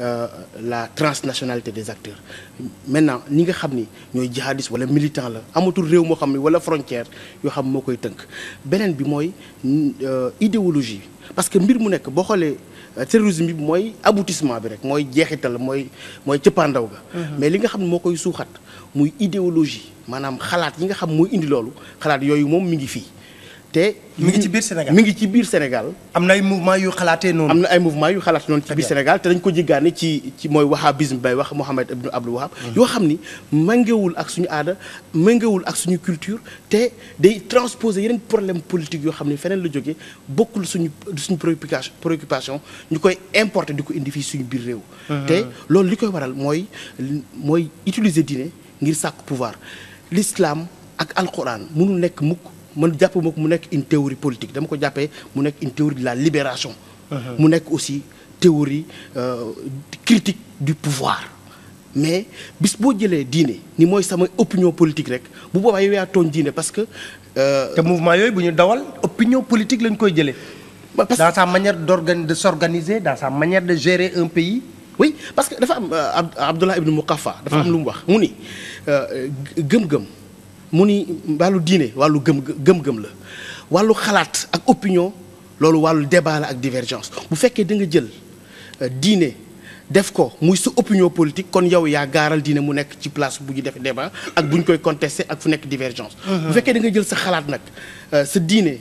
Euh, la transnationalité des acteurs maintenant ñi nga xam ni ñooy jihadiste wala militant la amatul réew moo xam ni wala frontière yoo xam moo koy tënk beneen bi mooy euh, idéologie parce que mbir mu nekk boo xoolee euh, terrorisme bi mooy aboutissement bi rek mooy jeexital mooy mooy cëppaandaw ga mhm. mais li nga xam ne moo koy suuxat muy idéologie maanaam xalaat yi nga xam mooy indi loolu xalaat yooyu moom mi ngi fii te mi ngi ci biir Sénégal mi ngi ci biir Sénégal. am na ay mouvement yu xalaatee noonu. am na ay mouvement yu xalaatee noonu ci biir Sénégal te dañ ko jéggaane ci ci mooy wahhabisme bay wax Mohamed Ibn Abdul Wahhab. Mm. yoo xam ni méngewul ak suñu aada méngewul ak suñu culture te day transposer yeneen problème politique yoo xam ne feneen la jógee bokkul suñu suñu préoccupation préoccupation ñu koy importe di ko indi fii suñu biir réew. Mm-hmm. te loolu li koy waral mooy mooy utiliser diine ngir sàkk pouvoir lislaam ak alquran mënul nekk mukk. man jàpp ma ko mu nekk une théorie politique dama ko jàppee mu nekk une théorie de la libération. Uh-huh. mu nekk aussi euh, théorie euh, critique du pouvoir. mais bis boo jëlee diine ni mooy sama opinion politique rek bu boobaa yow yaa tooñ diine parce que. Euh, te mouvement yooyu bu ñu dawal opinion politique lañ koy jëlee. dans sa manière d'organ de s'organiser dans sa manière de gérer un pays. oui parce que dafa am Abdullah ibn Muqaffa dafa am uh-huh. lu mu wax mu ni gëm-gëm. mu ni wàllu diine wàllu gëm gëm-gëm la wàllu xalaat ak opinion loolu wàllu débat la ak divergence bu fekkee da nga jël euh, diine def ko muy sa opinion politique kon yow yaa gaaral diine mu nekk ci place bu ñu defee débat ak bu ñu koy contesté ak fu nekk divergence bu fekkee da nga jël sa xalaat nag euh, sa diine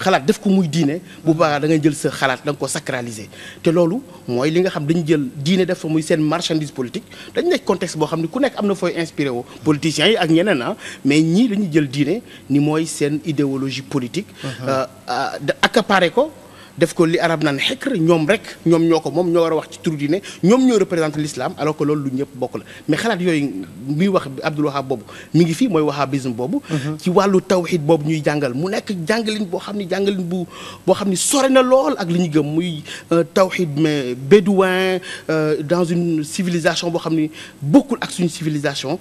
xalaat def ko muy diine bu baax da ngay jël sa xalaat danga ko sacraliser te loolu mooy li nga xam dañu jël diine def fa muy seen marchandise politique dañ nekk contexte boo xam ne ku nekk am na fooy inspiré woo politiciens yi ak ñeneen ah mais ñii dañu jël diine ni mooy seen idéologie politique uh-huh. euh, euh, accaparé ko def ko li arab naan xekr ñoom rek ñoom ñoo ko moom ñoo war a wax ci turu diine ñoom ñoo représenté l'islam alors que loolu lu ñëpp bokk la mais xalaat yooyu muy wax Abdul Wahab boobu mu ngi fii mooy wahabisme boobu mhm. ci wàllu tawxid boobu ñuy jàngal mu nekk jàngalin boo xam ni jàngalin bu boo xam ne sore na lool ak lu ñu gëm muy euh, tawxid mais bédouin euh, dans une civilisation boo xam ni bokkul ak suñu civilisation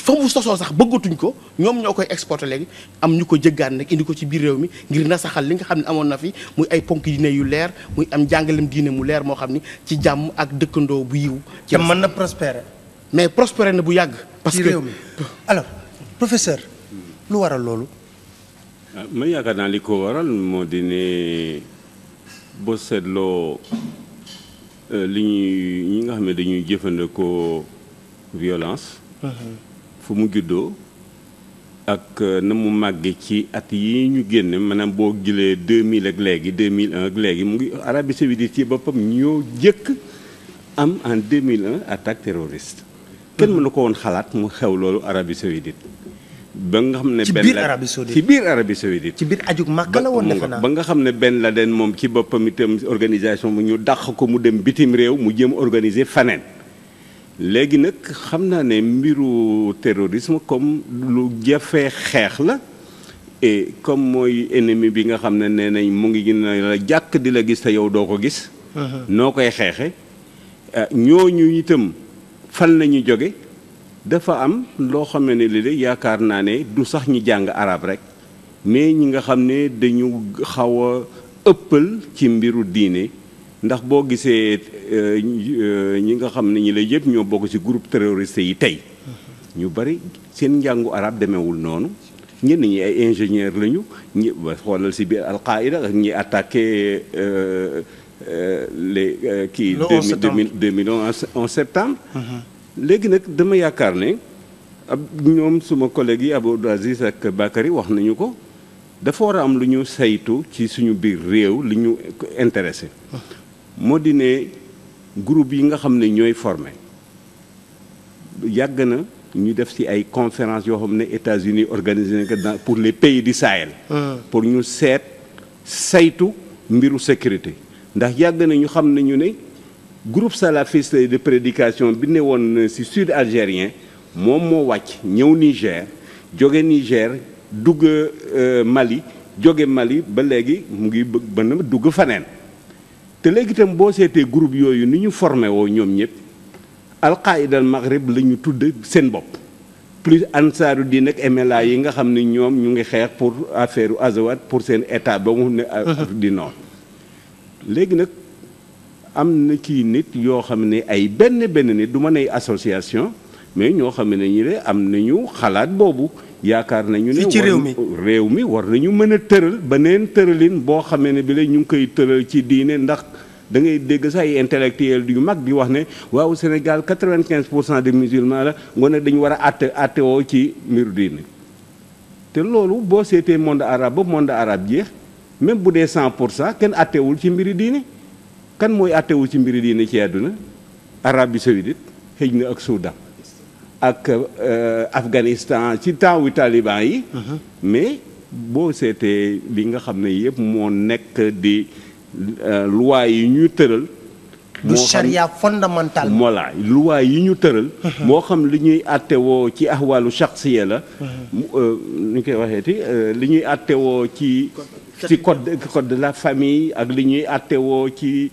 fa mu sosoo sax bëggatuñ ko ñoom ñoo koy exporté léegi am ñu ko jëggaan nag indi ko ci biir réew mi ngir nasaxal li nga xam ne amoon na fi muy ay ponk diine yu leer muy am jàngalem diine mu leer moo xam ni ci jàmm ak dëkkandoo bu yiw ci mën na prospérer mais prospérer na bu yàgg parce que réew mi professeur lu waral loolu ah, ma yaakaar naa li ko waral moo di ne boo seetloo euh, li ñuy ñi nga xam ne dañuy jëfandikoo violence mhm. fu mu juddoo ak euh, na mu màggee ci at yi ñu génne maanaam boo jëlee mille ak léegi 2001 ak léegi mu ngi Arabie saoudite ci boppam ñoo jëkk am en 2001 attaque terroriste kenn mënu ko woon xalaat mu xew loolu Arabie saoudite ba nga xam ne benn ci biir Arabie saoudite ci biir ajug Makka la woon defe naa ba nga xam ne Ben Laden moom ci boppam itam organisation bu ñu dàq ko mu dem bitim réew mu jëm organiser faneen léegi nag xam naa ne mbiru terrorisme comme lu jafee xeex la comme mooy ennemi bi nga xam ne nee nañ mu ngi ne la jàkk di la gis te yow doo ko gis. Uh-huh. noo koy xeexe ah, ñooñu itam fan la ñu jóge dafa am loo xam ne li de yaakaar naa ne du sax ñu jàng arab rek mais ñi nga xam ne dañu xaw a ëppal ci mbiru diine ndax boo gisee Euh, ñi nga xam ne ñi lay yëpp ñoo bokk ci groupe terroriste yi tey ñu bari seen njàngu arab demeewul noonu ñenn ñi ay ingénieur lañu ñi xoolal ci biir Al-Qaïda ak ñi attaqué euh, euh, les kii. deux mille onze septembre. Mm-hmm. léegi nag dama yaakaar ne ab ñoom suma collègue yi Abdou Aziz ak Bakary wax nañu ko dafa war a am lu ñu saytu ci suñu biir réew li ñu intéressé mm-hmm. moo di ne groupe yi nga xam ne ñooy formé yàgg na ñu def ci ay conférence yoo xam ne États-Unis organisé nañ ko dans pour les pays di Sahel. Hmm. pour ñu seet saytu mbiru sécurité ndax yàgg na ñu xam ne ñu ne groupe salafiste de prédication bi ne woon ci sud algérien moom moo wàcc ñëw Niger jóge Niger dugg euh, Mali jóge Mali ba léegi mu ngi bëgg bënn dugg faneen te léegi tam boo seetee groupe yooyu ni ñu formé woo ñoom ñëpp alqaida al maghrib la tudd seen bopp plus ansaaru diin ak MLA yi nga xam ne ñoom ñu ngi xeex pour affaire azawat pour seen état ba mu ne di noon léegi nag am na ci nit yoo xam ne ay benn benn nit du ma ne association mais ñoo xam ne ñu ne am nañu xalaat boobu yaakaar nañu ne ci réew mi mi war nañu mën a tëral beneen tëralin boo xamee ne bi la ñu ngi koy tëral ci diine ndax da ngay dégg sax ay intellectuel yu mag di wax ne waaw Sénégal 95 pour cent des musulmans la ngoon ne dañu war a àtte àttewoo ci mbiru diine te loolu boo seetee monde arabe ba monde arabe jeex même bu dee cent pour cent kenn àttewul ci mbiri diine kan mooy àttewul ci mbiri diine ci àdduna Arabie saoudite xëj na ak Soudan ak euh, Afghanistan ci temps wu taliban yi uh-huh. mais boo seetee li nga xam ne yëpp moo nekk di Euh, loi yi ñu tëral. du charia fondamental voilà loi yi ñu tëral. Mhm. moo xam li ñuy woo ci ahwaalu shaxsiya la. Mhm. Euh, ñu koy waxeeti euh, li ñuy àttewoo ci. ci code de la famille ak li ñuy àttewoo ci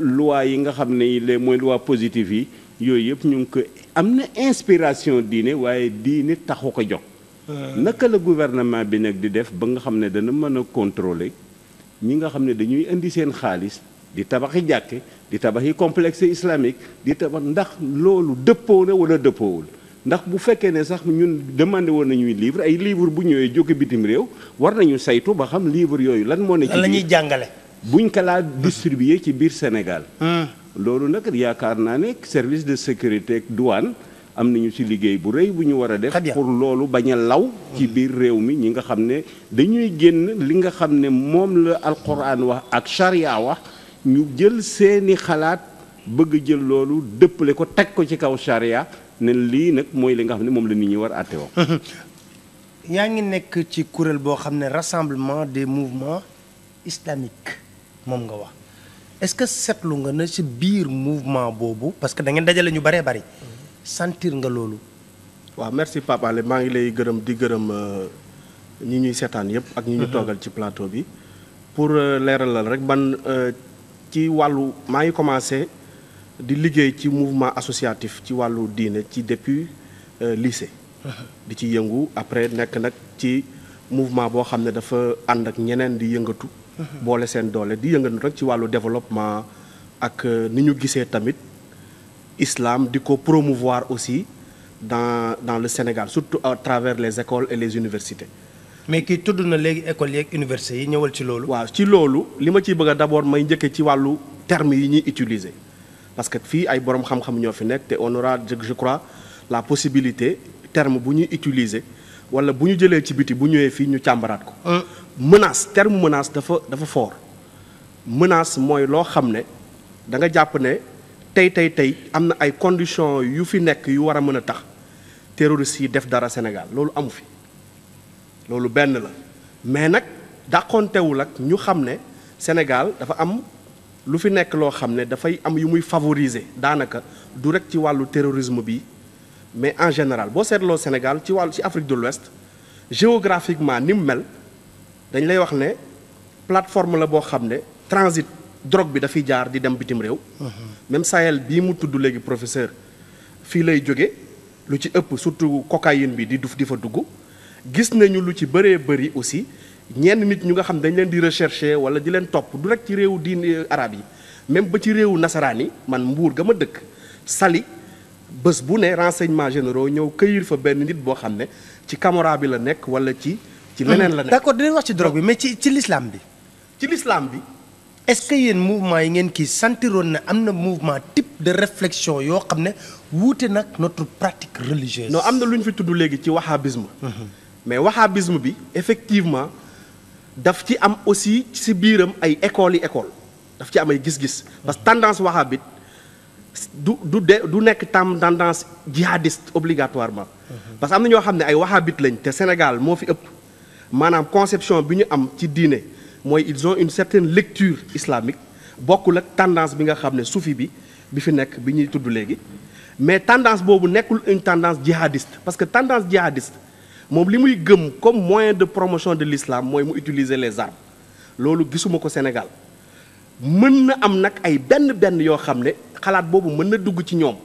loi yi nga xam ne les mooy loi positive yi yooyu yëpp ñu ngi ko am na inspiration diine waaye diine taxu ko jox. naka la gouvernement bi nag di def ba nga xam ne dana mën a contrôler. ñi nga xam ne dañuy indi seen xaalis di tabaxi jàkke di tabaxi complexe islamique di tabax ndax loolu dëppoo ne wala dëppoowul ndax bu fekkee ne sax ñun demandé woon nañuy livre ay livre bu ñëwee jóge bitim réew war nañu saytu ba xam livre yooyu lan moo ne ci lañuy jàngale buñ kalaat laa ci biir Sénégal hmm. loolu nag yaakaar naa ne service de sécurité douane am nañu si liggéey bu rëy bu ñu war a def pour loolu bañ a law ci biir réew mi ñi nga xam ne dañuy génn li nga xam ne moom la alquran wax ak charia wax ñu jël seeni xalaat bëgg jël loolu dëppale ko teg ko ci kaw charia ne lii nag mooy li nga xam ne moom la nit ñi war àtte woo yaa ngi nekk ci kuréel boo xam ne rassemblement des mouvements islamiques moom nga wax est-ce que seetlu nga ne si biir mouvement boobu parce que da ngeen dajale ñu baree bari sentir nga loolu. waaw merci Pape maa ngi lay gërëm di gërëm euh, ñi ñuy seetaan yëpp. ak ñu ñu mhm. toogal ci plateau bi. pour euh, leeralal rek ban euh, ci wàllu maa ngi commencé di liggéey ci mouvement associatif ci wàllu diine ci depuis lycée. Mhm. di ci yëngu après nekk nag ci mouvement boo xam ne dafa ànd ak ñeneen di yëngatu. Mhm. boole seen doole di yëngatu rek ci wàllu développement ak ni ñu gisee tamit. islam di ko promouvoir aussi dans dans le Sénégal surtout à travers les écoles et les universités. mais kii tudd na léegi écoles yeeg universités yi ñëwal ci loolu. waaw ci loolu li ma ciy bëgg a abord may njëkkee ci wàllu termes yi ñuy utiliser parce que fii ay borom xam-xam ñoo fi nekk te on aura je crois la possibilité terme bu ñuy utiliser wala bu ñu jëlee ci biti bu ñëwee fii ñu càmbaraat ko. Euh. menace terme menace dafa dafa foor menace mooy loo xam ne da ne. tey tey tey am na ay conditions yu fi nekk yu war a mën a tax terroristes yi def dara Sénégal loolu amu fi loolu benn la mais nag dàqontewul nag ñu xam ne Sénégal dafa am lu fi nekk loo xam ne dafay am yu muy favoriser daanaka du rek ci wàllu terrorisme bi mais en général boo seetloo Sénégal ci wàllu ci Afrique de l'Ouest géographiquement ni mu mel dañ lay wax ne plateforme la boo xam ne transit drogue bi dafay jaar di dem bitim réew. même Sahel bii mu tudd léegi professeur fii lay jóge lu ci ëpp surtout cocaïne bi di du di fa dugg gis nañu lu ci bëree bëri aussi ñenn nit ñu nga xam ne dañ leen di rechercher wala di leen topp du rek ci réewu diin arab yi même ba ci réewu nasaraan yi man mbuur ga ma dëkk sali bés bu ne renseignement généraux ñëw këyir fa benn nit boo xam ne ci Camorra bi la nekk wala ci. ci leneen la nekk d'accord dinañ wax ci drogue bi mais ci ci l'islam bi. ci l'islam bi. est-ce que yéen mouvement yi ngeen kii sentiroon na am na mouvement type de réflexion yoo xam ne wuute nag notre pratique religieuse. no am na lu ñu fi tudd léegi ci wahhabisme. Mhm. mais wahhabisme bi effectivement daf ci am aussi si biiram ay écoles yi école daf ci am ay gis-gis parce que tendance wahhabite du du de du nekk tam tendance jihadiste obligatoirement. Mhm. parce que am na ñoo xam ne ay wahhabite lañ te Sénégal moo fi ëpp maanaam conception bi ñu am ci diine. mooy ils ont une certaine lecture islamique bokkul ak tendance bi nga xam ne soufi bi bi fi nekk bi ñuy tudd léegi mais tendance boobu nekkul une tendance jihadiste parce que tendance jihadiste moom li muy gëm comme moyen de promotion de l'islam mooy mu utiliser les armes loolu gisuma ko Sénégal mën na am nag ay benn benn yoo xam ne xalaat boobu mën na dugg ci ñoom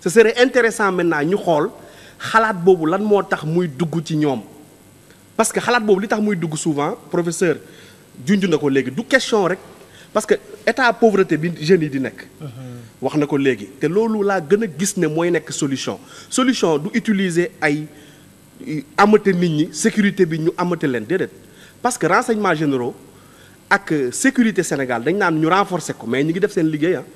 ce serait intéressant maintenant ñu xool xalaat boobu lan moo tax muy dugg ci ñoom parce que xalaat boobu li tax muy dugg souvent professeur junj na ko léegi du question rek parce que état pauvreté bi jeunes yi di nekk. wax na ko léegi te loolu laa gën a gis ne mooy nekk solution solution du utiliser ay amate nit ñi sécurité bi ñu amate leen déedéet parce que renseignement généraux ak sécurité Sénégal dañ naan ñu renforcer ko mais ñu ngi def seen liggéeya ah.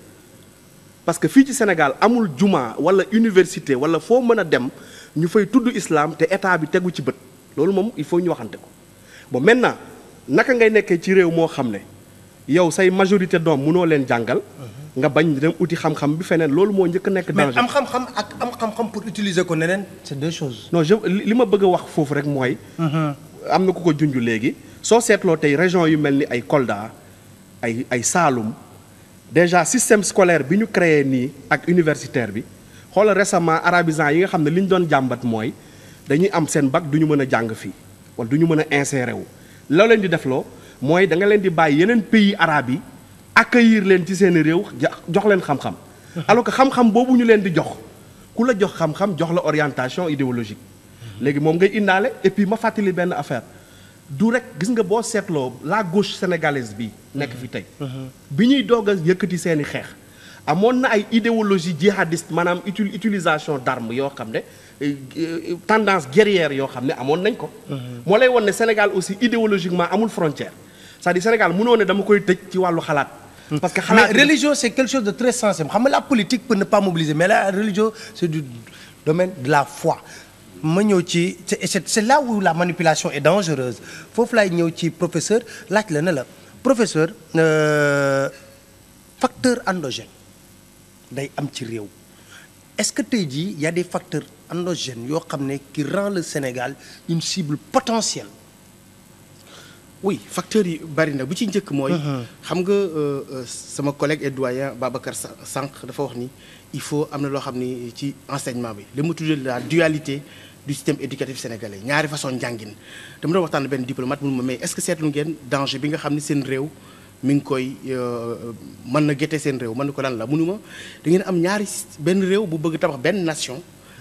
parce que fii ci Sénégal amul juma wala université wala foo mën a dem ñu fay tudd islam te état bi tegu ci bët loolu moom il faut ñu waxante ko bon naka ngay nekkee ci réew moo xam ne yow say majorité doom munoo leen jàngal. Mhm. nga bañ dem uti xam-xam bi feneen loolu moo njëkk nekk. danger xam-xam ak am xam-xam ko neneen c'est deux choses. non li ma bëgg a wax foofu rek mooy. Mhm. am na ku ko junj léegi soo seetloo tey région yu mel ni ay Kolda ay ay Saloum déjà système scolaire bi ñu créé nii ak universitaire bi xoola récemment arabisants yi nga xam ne li ñu doon jàmbat mooy dañuy am seen bag du ñu mën a jàng fii wala duñu mën a insérer wu. la leen di defloo mooy da nga leen di bàyyi yeneen pays arabes yi ak accueillir leen ci seen réew jox leen xam-xam alors que xam-xam boobu ñu leen di jox ku la jox xam-xam jox la orientation idéologique léegi moom ngay indaale et puis ma fàttali benn affaire du rek gis nga boo seetloo la gauche sénégalaise bi nekk fi tey bi ñuy doog a yëkkati seeni xeex amoon na ay idéologie jihadiste maanaam util utilisation d'armes yoo xam ne euh, euh, tendance guerrière yoo xam ne amoon nañ ko. Mhm. moo lay won ne Sénégal aussi idéologiquement amul frontière c'est-à-dire Sénégal mënoo ne dama koy tëj ci wàllu xalaat. Hmm. parce que xalaat mais religion c'est quelque chose de très sensible xam nga la politique peut ne pas mobiliser mais la religion c'est du domaine de la foi. ma ñëw ci c'est c'est là où la manipulation est dangereuse foofu laay ñëw ci professeur laaj la ne la professeur euh, facteur endogène. day am ci réew est-ce que tey jii y a des facteurs endogènes yoo xam ne qui rend le Sénégal une cible potentielle. oui facteurs yi bari na bu ci njëkk mooy. Uh-huh. xam nga euh, euh, sama collègue et doyen Babacar Sànq dafa wax ni il faut am na loo xam ni ci enseignement bi li mu tuddee la dualité. du système éducatif sénégalais ñaari façon njàngin dama doon waxtaan benn diplomate mu ma mais est-ce que seetlu ngeen danger bi nga xam ni seen réew mi ngi koy euh, mën na gete seen réew mën na ko lan la mënuma da ngeen am ñaari benn réew bu bëgg tabax benn nation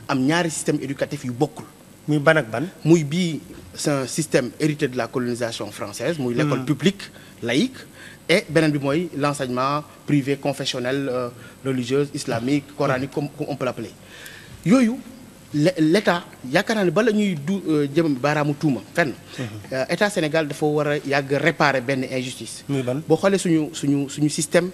am ñaari système éducatif yu bokkul. muy ban ak ban muy bii sa système hérité de la colonisation française muy l'école hmm. publique laïque et beneen bi mooy l'enseignement privé confessionnel euh, religieux islamique hmm. coranique comme on peut l'appeler yooyu l' état yaakaar naa ne bala ñuy du euh, jëm baaraamu tuuma fenn. Mhm. Euh, état Sénégal dafa war a yàgg réparer benn injustice. boo xoolee suñu suñu suñu système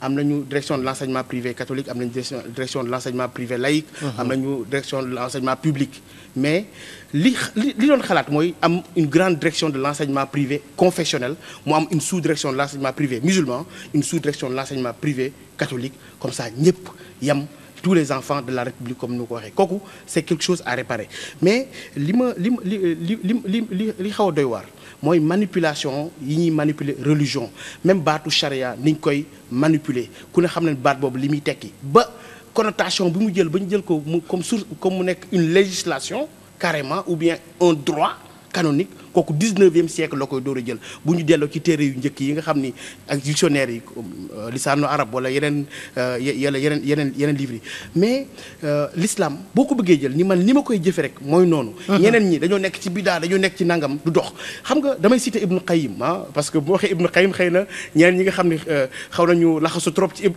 am nañu direction de l' enseignement privé catholique am nañu direction de l' enseignement privé laïque. Mhm. am na direction de l' enseignement public. mais li li li doon xalaat mooy am une grande direction de l' enseignement privé confessionnel mu am une sous direction de l' enseignement privé musulman une sous direction de l' enseignement privé catholique comme ça ñëpp yam. tous les enfants de la République comme ni ko waxee kooku c'est quelque chose à réparer mais li ma li ma li li li li xaw a doy waar mooy manipulation yi ñuy manipuler religion même baatu charia niñ koy manipuler ku ne xam ne baat boobu li muy tekki ba connotation bi mu jël ba ñu jël ko mu comme source comme mu nekk une législation carrément ou bien un droit canonique kooku 19e siècle la koy door a jël bu ñu delloo ci téere yu njëkk yi nga xam ni ak dictionnaire yi euh, lisaanu arab wala yeneen euh, yàlla yeneen yeneen yeneen livre yi mais euh, l'islam boo ko bëggee jël ni man ni ma koy jëfe rek mooy noonu mhm. ñeneen ñi dañoo nekk ci bidaa dañoo nekk ci nangam du dox xam nga damay citer Ibn Qayyim ah parce que bu waxee Ibn Qayyim xëy na ñeneen ñi nga xam ne xaw nañu laxasu trop ci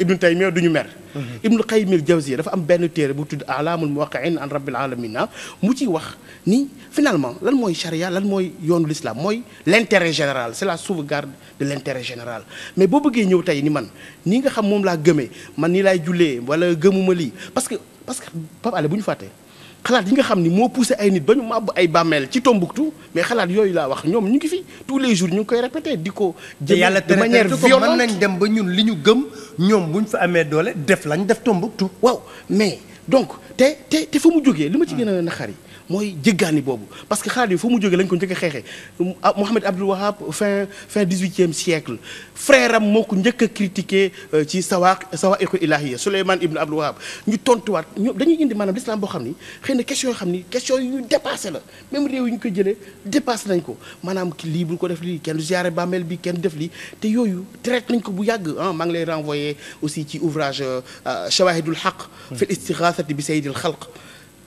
Ibn Taymiyya du ñu mer mhm. Ibn Qayyim al-Jawziyya dafa am benn téer bu tudd A'lamul Muwaqqi'in an Rabbil Alamin ah, mu ci wax ni finalement lan mooy charia sharia lan mooy yoonu l'islam mooy l'intérêt général c'est la sauvegarde de l'intérêt général mais boo bëggee ñëw tey ni man ni nga xam moom laa gëmee man nii laay jullee wala gëmuma lii parce que parce que Pape bu ñu fàttee xalaat yi nga xam ni moo poussé ay nit ba ñu màbb ay bàmmeel ci Tombouctou mais xalaat yooyu laa wax ñoom ñu ngi fi tous les jours ñu ngi koy répété di ko jël de manière violente mën nañ dem ba ñun li ñu gëm ñoom bu ñu fa amee doole def lañ def Tombouctou waaw mais donc te te te fa mu jógee li ma ci gën a naqar yi mooy jéggaani boobu parce que xaadim fa mu jógee lañ ko njëkk a xeexee ah, Mohamed Abdul Wahab fin fin dix-huitième siècle frère am moo ko njëkk a critiqué euh, ci sawa sawaiqu ilahiya Souleymane Ibn Abdul Wahab ñu tontuwaat ñu dañuy indi maanaam l'islam boo xam ni xëy na question yoo xam ni question yu dépassé la même réew yi ñu ko jëlee dépassé nañ ko maanaam ki lii bu ko def lii kenn du ziare bàmmeel bi kenn def lii te yooyu traité nañ ko bu yàgg ah maa lay renvoyé aussi ci ouvrage Chawahidul euh, Haq fi l istighathati bi sayyidil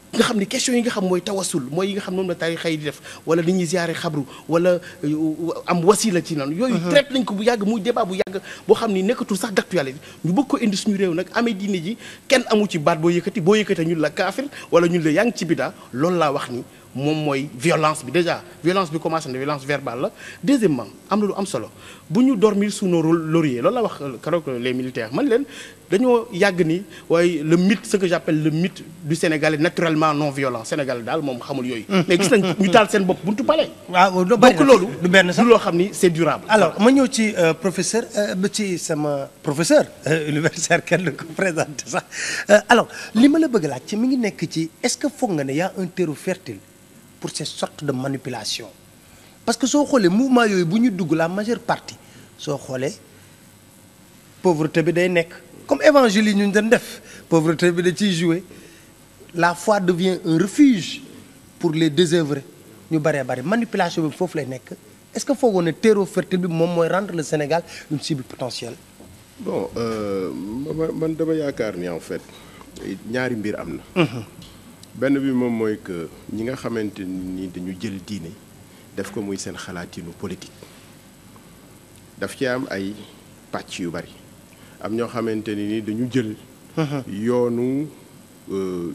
nga xam ni question yi nga xam mooy tawasul mooy yi nga xam noonu la tarixa yi di def wala ni ñuy ziare xabru wala euh, am wasila ci noonu yooyu mhm. traite nañ ko bu yàgg muy débat bu yàgg boo xam ni nekkatul sax d'actualité ñu bëgg ko indi suñu réew nag amee diine ji kenn amu ci baat boo yëkkati boo yëkkati ñun la kaafir wala ñun la yaa ngi ci bida loolu laa wax ni moom mooy violence bi déjà violence bi commencé na violence verbale la deuxièmement am na lu am solo bu ñu dormir sous nos lauriers loolu la wax euh, keroog les militaires man leen dañoo yàgg ni waaye le mythe ce que j'appelle le mythe du sénégalais naturellement non violent sénégalais daal moom xamul yooyu. Mm. mais gis nañ ñu taal seen bopp buntu palais. waaw donc loolu. du benn sax loo xam ni c'est durable. alors ma ñëw ci euh, professeur euh, ba ci sama professeur euh, universitaire kenn du ko présenté sax alors li ma la bëgg laaj ci mi ngi nekk ci est-ce que foog nga ne y a un terreau fertile pour ces sortes de manipulation parce que soo xoolee mouvement yooyu bu ñu dugg la majeure partie soo xoolee pauvreté bi day nekk. comme évangile yi ñu doon def pauvreté bi da ci jouer la fois devient un refuge pour les désœuvrés ñu baree bari manipulation bi foofu lay nekk est-ce que foogoon ne terreau fertile bi moom mooy rendre le Sénégal une cible potentielle. bon euh, man dama yaakaar ni en fait ñaari mbir am na. Mhm. benn bi moom mooy que ñi nga xamante ni dañu jël diine def ko muy seen xalaatinu politique daf ci am ay pàcc yu bari am ñoo xamante ni ni dañu jël uh-huh. yoonu euh,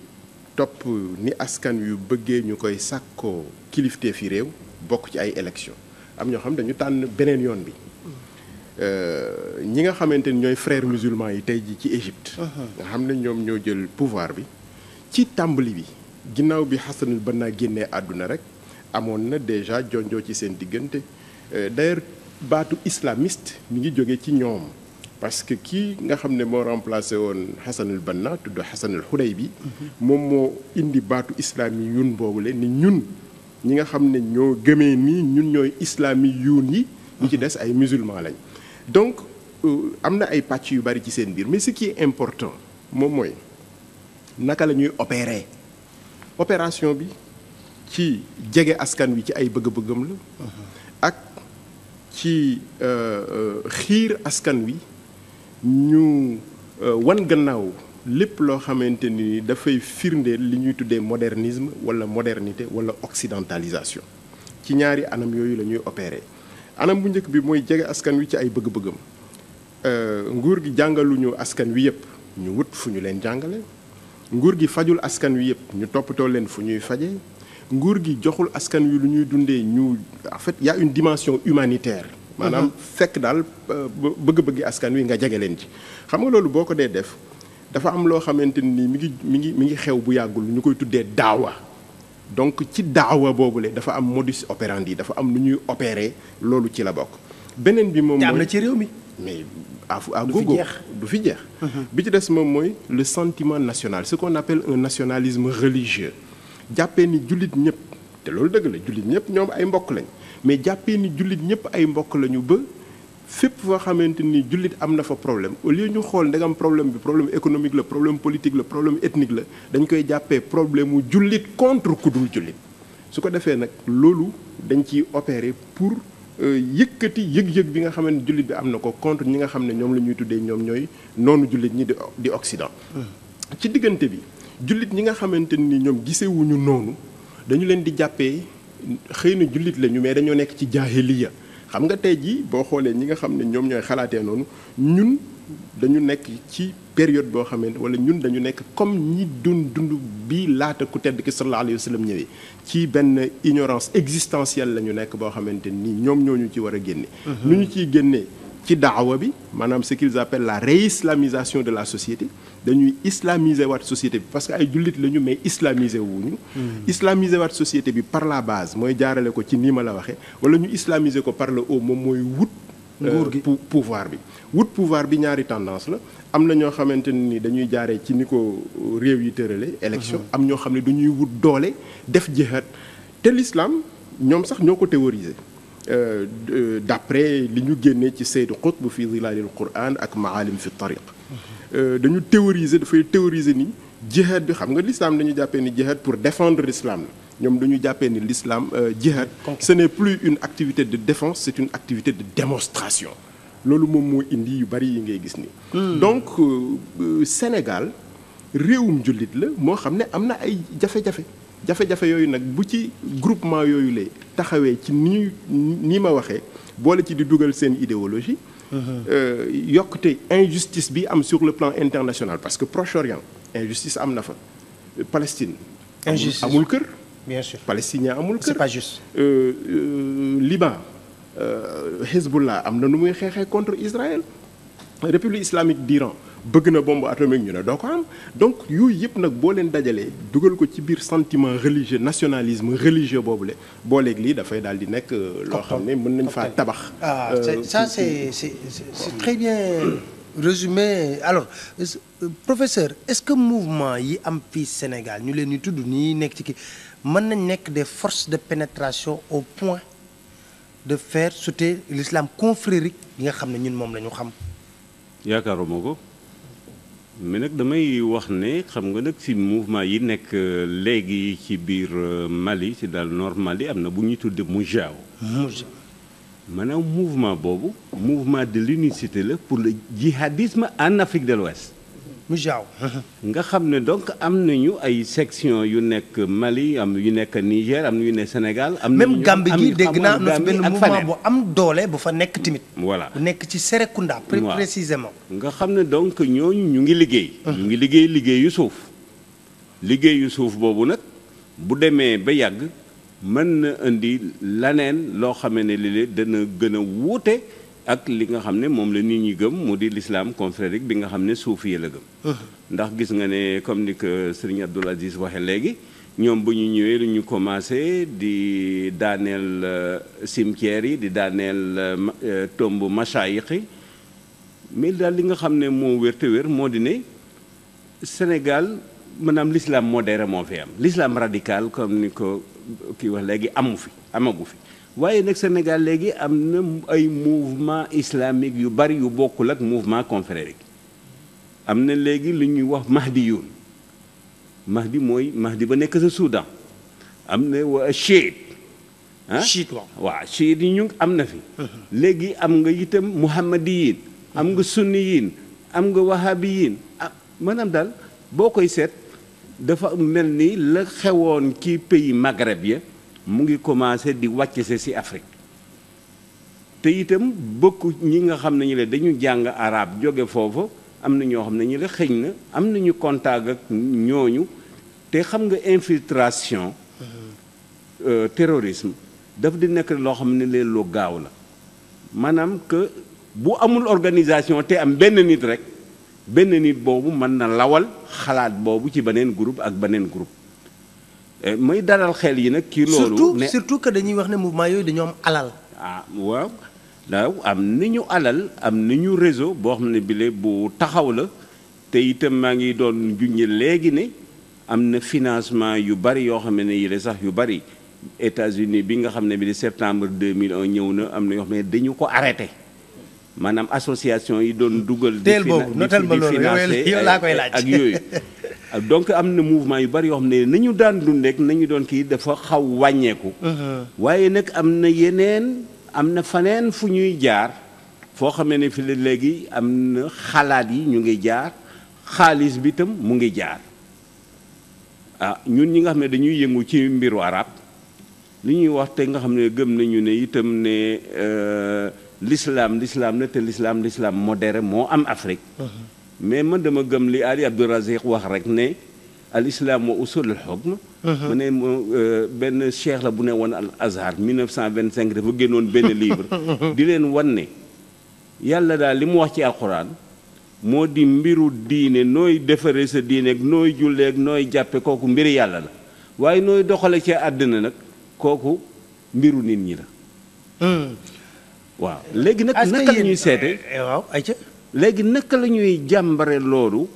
topp ni askan yu bëggee ñu koy sàkkoo kilifte fi réew bokk ci ay élection am ñoo xam dañu tànn beneen yoon bi euh, ñi nga xamante ni ñooy frères musulmans yi tey ji ci Égypte uh-huh. nga xam ne ñoom ñoo jël pouvoir bi ci tàmbali bi ginnaaw bi Hassanul Banna génnee àdduna rek amoon na déjà jonjoo ci seen diggante euh, d'ailleurs baatu islamist mi ngi jóge ci ñoom parce que kii nga xam ne moo remplacé woon Xasanul Banna tudd Xasanul Xuday bi moom moo indi baatu islaam yi yun boobule ni ñun ñi nga xam ne ñoo gëmee nii ñun ñooy islaam yi yuun yi ñi ci des ay musulman lañ donc euh, am na ay pàcc yu bari ci seen biir mais si qui est important moom mooy naka la ñuy opérer opération bi ci jege askan wi ci ay bëgg-bëggam la ak ci euh, euh, xiir askan wi ñu euh, wan gannaaw lépp loo xamante ni dafay firndeel li ñuy tuddee modernisme wala modernité wala occidentalisation ci ñaari anam yooyu lañuy ñuy opérer anam bu njëkk bi mooy jege askan wi ci ay bëgg-bëggam euh, nguur gi jàngaluñu askan wi yëpp ñu wut leen jàngale nguur gi fajul askan wi yëpp ñu toppatoo leen fu ñuy faje nguur gi joxul askan wi lu ñuy dundee ñu en fait y une dimension humanitaire maanaam mhm. fekk daal euh, bëgg-bëggi askan wi nga jege leen ci xam nga loolu boo ko dee def dafa am loo xamante ni mi ngi mi ngi mi ngi xew bu yàggul lu ñu koy tuddee daawa donc ci daawa boobule dafa am modus operandi dafa am lu ñuy opérer loolu ci la bokk beneen bi moom mooy am na ci réew mi mais afu à gogo du fi jeex mhm. bi ci des moom mooy le sentiment national ce qu'on appelle un nationalisme religieux jàppee ni jullit ñëpp te loolu dëgg la jullit ñëpp ñoom ay mbokk lañ mais jàppee ni jullit ñëpp ay mbokk lañu ba fépp foo xamante ni jullit am na fa problème au lieu ñu xool ndegam problème bi problème économique la problème politique la problème ethnique la dañ koy jàppee problème mu jullit contre kudul jullit su ko defee nag loolu dañ ci opérer pour euh, yëkkati yëg-yëg bi nga xam jullit bi am na ko contre ñi nga xam ne ñoom la ñuy tuddee ñoom ñooy noonu jullit ñi di di Occident. Hmm. ci diggante bi jullit ñi nga xamante ni ñoom gisewuñu noonu dañu leen di jàppee. xëy na jullit lañu mais dañoo nekk ci jaahiliya xam nga tey jii boo xoolee ñi nga xam ne ñoom ñooy xalaatee noonu ñun dañu nekk ci période boo xamante wala ñun dañu nekk comme ñi dund dund bi laata ku tedd ki sallallahu alayhi wa ñëwee ci benn ignorance existentielle la ñu nekk boo xamante nii ñoom ñoo ñu ci war a génne. Mhm. nu ñu ciy génnee. ci daawa bi maanaam ce qu'ils appellent la réislamisation de la société dañuy islamiser waat société bi parce que ay jullit lañu mais islamiser wuñu hmm. islamiser waat société bi par la base mooy jaarale ko ci nii ma la waxee wala ñu islamiser ko par le haut moom mooy wut euh, nguur pouvoir bi wut pouvoir bi ñaari tendance la am na ñoo xamante nii dañuy jaaree ci ni ko euh, réew yi tërale élection hmm. am ñoo xam ne duñuy wut doole def jihaad te l'islam ñoom sax ñoo ko théoriser Euh, d' après li ñu génnee ci Sayyid Qutb fi Zilaalil Qur'an ak Maalim fi Tariq euh, dañu théoriser dafay théoriser ni jihad bi xam nga l'islam dañu jàppee ni jihad pour défendre l'islam la ñoom dañu jàppee ni l'islam euh, jihad ce n'est plus une activité de défense c'est une activité de démonstration loolu moom moo indi yu bari yi ngay gis ni hmm. donc Sénégal réewum jullit la moo xam ne am na ay jafe-jafe jafe-jafe yooyu nag bu ci groupement yooyu la taxawee ci ni ni ma waxee boole ci di dugal seen idéologie uh-huh. euh, yokkute injustice bi am sur le plan international parce que Proche-Orient injustice am na fa Palestine amul kër bien sûr palestinien amul kër c'est pas juste euh, euh, Liban Hezbollah am na nu muy xeexee contre Israël République islamique d'Iran bëgg na bombe atomique ñu ne doo ko am donc yooyu yëpp nag boo leen dajalee dugal ko ci biir sentiment religieux nationalisme religieux boobu le booleeg lii dafay daal di nekk euh, loo xam ne mën nañ faa tabax ah, euh, ça c'est c'est très bien résumé alors euh, professeur est-ce que mouvement yi am fii Sénégal ñu leen ñu tudd nii nekk ci ki mën nañ nekk des forces de pénétration au point de faire sauter l'islam confrérique bi nga xam ne ñun moom la ñu xam yaakaaruma ko mais nag damay wax ne xam nga nag si mouvement yi nekk euh, léegi ci biir euh, Mali ci daal nord Mali am na bu ñuy tudde Moujao maanaam mouvement boobu mouvement de l'unicité la pour le jihadisme en Afrique de l'Ouest mu nga xam ne donc am nañu ay section yu nekk Mali am yu nekk Niger am yu ne Sénégal. am même Gambie gi dégg naa am na benn mouvement bu am doole bu fa nekk tamit. voilà nekk ci Serekunda. précisément. nga xam ne donc ñooñu ñu ngi liggéey. ñu ngi liggéey liggéeyu suuf. liggéeyu suuf boobu nag bu demee ba yàgg mën na indi laneen loo xam ne li dana gën a wuute. ak li nga xam ne moom la nit ñi gëm mu di l'islam confrérique bi nga xam ne suufi la gëm uh-huh. ndax gis nga ne comme ni que Serigne Abdoul Aziz waxe léegi ñoom bu ñu ñëwee ñu commencé di daaneel euh, cimetières yi di daaneel euh, euh, tomb machaayix yi mais daal li nga xam ne moo wér moo di ne maanaam l'islam moderne moo fi am l'islam radical comme ni ko kii wax léegi amu fi amagu fi waaye nag senegal léegi am na ay mouvement islamique yu bari yu bokkul ak mouvement confrérique am na léegi lu ñuy wax mahdiyun mahdi mooy mahdi ba nekk sa Soudan am na waa chiite ah chiite waaw ñu am na fi léegi am nga itam muhammadiyin am nga sunniyin am nga wahabiyin ah maanaam daal boo koy seet dafa mel ni la xewoon ci pays maghreb ya mu ngi commencé di wàcc se si Afrique te itam bokk ñi nga xam nañu ñu le dañu jàng arab jóge foofu am na ñoo xam ne ñu le xëñ na am nañu contact ak ñooñu te xam nga infiltration mm-hmm. euh, terrorisme daf di nekk loo xam ne leen lu gaaw la maanaam que bu amul organisation te am benn nit rek benn nit boobu mën na lawal xalaat boobu ci beneen groupe ak beneen groupe Eh, may dalal xel yi nag. kii loolu surtout surtout que dañuy wax ne mouvement yooyu dañoo am alal. ah waaw waaw am nañu alal am nañu réseau boo xam ne bile bu taxaw la te itam maa ngi doon junj léegi ne am na financement yu bari yoo xam ne yile sax yu bari États-Unis bi nga xam ne bi di septembre 2001 ñëw na am na yoo xam ne dañu ko arrêté. maanaam association yi doon dugal. teel boobu notal ma loolu yow laa koy eh, laaj ak yooyu. donc am na mouvement yu bari yoo xam ne nañu daan dund rek nañu doon kii dafa xaw wàññeeku. Uh-huh. waaye nag am na yeneen am na faneen fu ñuy jaar foo xamee ne fi la léegi am na xalaat yi ñu ngi jaar xaalis bi itam mu ngi jaar ah ñun ñi nga xam ne dañuy yëngu ci mbiru arab li ñuy wax te nga xam ne gëm nañu ne itam ne euh, l'islam l'islam la te l'islam l'islam moderne moo am Afrique. Uh-huh. mais man dama gëm li Ali Abdourazek wax rek ne al islam wa usul al hukm mhm. mu ne euh, benn cheikh la bu ne woon al azhar 1925 dafa génnoon benn livre di leen wan yàlla daal li wax ci alquran moo di mbiru diine nooy defaree sa diine ak nooy jullee nooy jàppee kooku mbiri yàlla la waaye nooy doxale ci àddina nag kooku mbiru nit ñi la hmm. waaw léegi nag naka la ñuy seete eh, eh, léegi naka la ñuy jàmbare loolu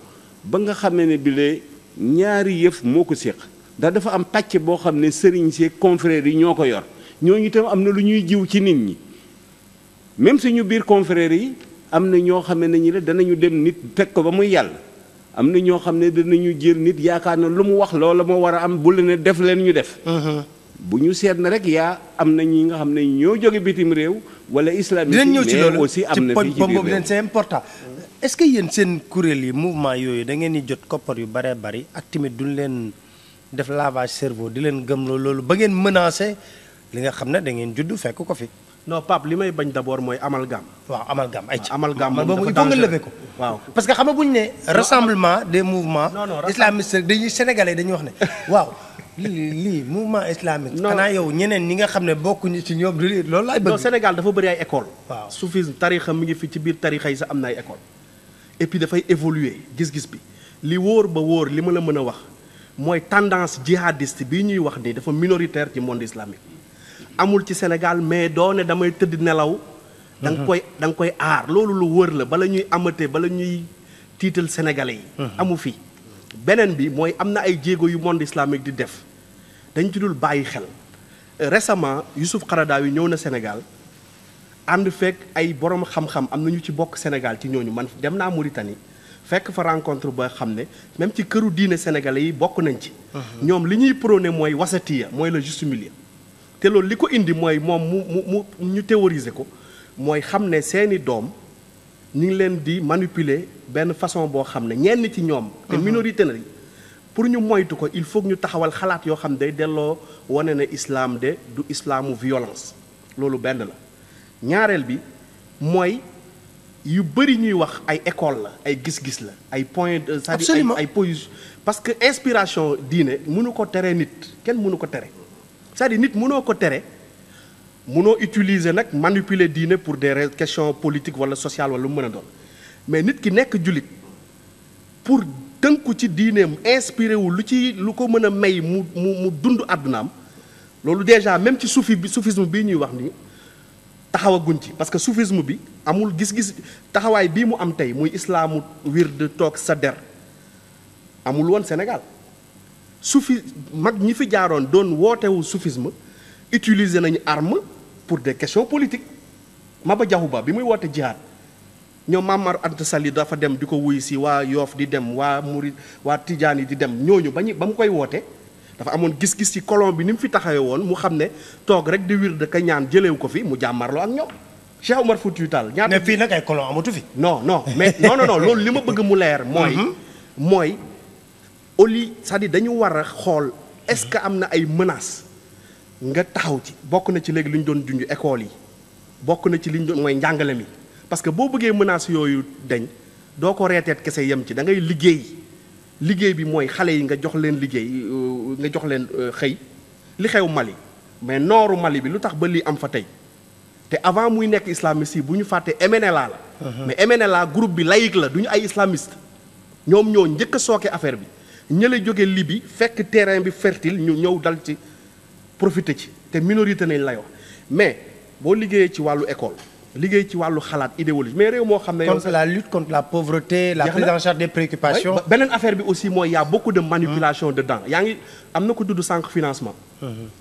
ba nga xamee ne bilee ñaari yëf moo ko séq ndax dafa am pàcc boo xam ne sëriñ see confrères yi ñoo ko yor ñooñu itam am na lu ñuy jiw ci nit ñi même suñu biir confrères yi am na ñoo xam ne ñi la danañu dem nit teg ko ba muy yàlla am na ñoo xam ne ñu jël nit yaakaar na lu mu wax loola moo war a am bu ne def leen ñu def mm-hmm. bu ñu seet na rek yaa am na ñi nga xam ne ñoo joge bitim réew. wala islamisme dinañ ñëw loolu aussi am na fii ci biir réew c'est important. est-ce que yéen seen kuréel yi mouvement yooyu da di jot koppar yu baree bari ak tamit duñ leen def lavage cerveau di leen gëmloo loolu ba ngeen menacé li nga xam ne da ngeen judd fekk ko fi. non Pape may bañ d'abord mooy amalgam. waaw amalgam ay ci amalgam moom dafa lëbe ko waaw parce que xam nga bu ñu nee. rassemblement des mouvements. islamistes dañuy sénégalais dañuy wax ne waaw. lii lii mouvement islamique. non xanaa yow ñeneen ñi nga xam ne bokkuñu ci ñoom loolu laay bëgg. non Sénégal dafa bëri ay école waaw soufisme tarixa mi ngi fi ci biir tarixa yi sax am na ay école et dafay évoluer gis-gis bi li wóor ba wóor li ma la mën a wax mooy tendance jihadiste bi ñuy wax nii dafa minoritaire ci monde islamique amul ci senegal mais doo ne damay tëdd nelaw. da nga mhm. koy da nga koy aar loolu lu wër la bala ñuy amate bala ñuy tiital sénégalais yi. Mhm. amu fi beneen bi mooy am na ay jéego yu monde islamique di def. dañ ci dul bàyyi xel récemment xaradaa yi ñëw na Sénégal ànd fekk ay borom xam-xam am na ñu ci bokk Sénégal ci ñooñu man dem naa Mauritanie fekk fa rencontre ba xam ne même ci këru diine sénégalais yi bokk nañ ci. Uh-huh. ñoom li ñuy prôné mooy wasatiya mooy la juste milieu. te loolu li ko indi mooy moom mu mu mu ñu théoriser ko mooy xam ne seeni doom ñu ngi leen di manipuler benn façon boo xam ne ñenn ci ñoom. te uh-huh. minorité na pour ñu moytu ko il faut ñu taxawal xalaat yoo xam day delloo wane ne islaam de du islaamu violence loolu benn la ñaareel bi mooy yu bëri ñuy wax ay école la ay gis-gis la ay point de cest à ay position parce que inspiration diine mënu ko tere nit kenn mënu ko tere sari à nit mënoo ko tere mënoo utiliser nag manipuler diine pour de question politique wala sociales wala lu mën a doon mais nit ki nekk jullit pour tënku ci diineem inspiré wu lu ci lu ko mën a may mu mu mu dund àddunaam loolu déjà même ci soufi bi soufisme bii ñuy wax nii taxawaguñ ci parce que soufisme bi amul gis-gis taxawaay bii mu am tey muy islaamu wird toog sa der amul woon Sénégal soufi mag ñi fi jaaroon doon wootewu sufisme utiliser nañu arme pour des questions politiques Maba Diakhou Ba bi muy woote jihaad ñoom Mamar Anta Sali dafa dem di ko wuyu si waa Yoof di dem waa Murid waa Tidiane di dem ñooñu ba ñu ba mu koy woote dafa amoon gis-gis si colon bi ni mu fi taxawee woon mu xam ne toog rek di wiir de ka ñaan jëleewu ko fi mu jàmmarloo ak ñoom. Cheikh Omar Foutiyou Tall fii nag ay colon amatu fi. non no mais non non non loolu li ma bëgg mu leer. mooy mhm. mooy au lieu cest à dañu war a xool est-ce que am na ay menaces nga taxaw ci. bokk na ci léegi lu ñu doon dunju école yi bokk na ci li doon mooy njàngale mi. parce que boo bëggee menaces yooyu dañ doo ko reeteet kese yem ci dangay ngay liggéey liggéey bi mooy xale yi nga jox leen liggéey euh, nga jox leen euh, xëy li xew Mali mais nooru Mali bi lu tax ba lii am fa tey te avant muy nekk islamiste yi bu ñu fàtte MNLA la uh-huh. mais MNLA groupe bi laïque la du ñu ay islamiste ñoom ñoo njëkk a sooke affaire bi ñële jóge Libye fekk terrain bi fertile ñu ñëw dal ci profité ci te minorité nañ la wax mais boo liggéeyee ci wàllu école liggéey ci wàllu xalaat idéologie mais réew moo xam ne. contre la lutte contre la pauvreté. la prise en charge des préoccupations. beneen affaire bi aussi mooy y' a beaucoup de manipulation yaa ngi am na ko dudd sànq financement.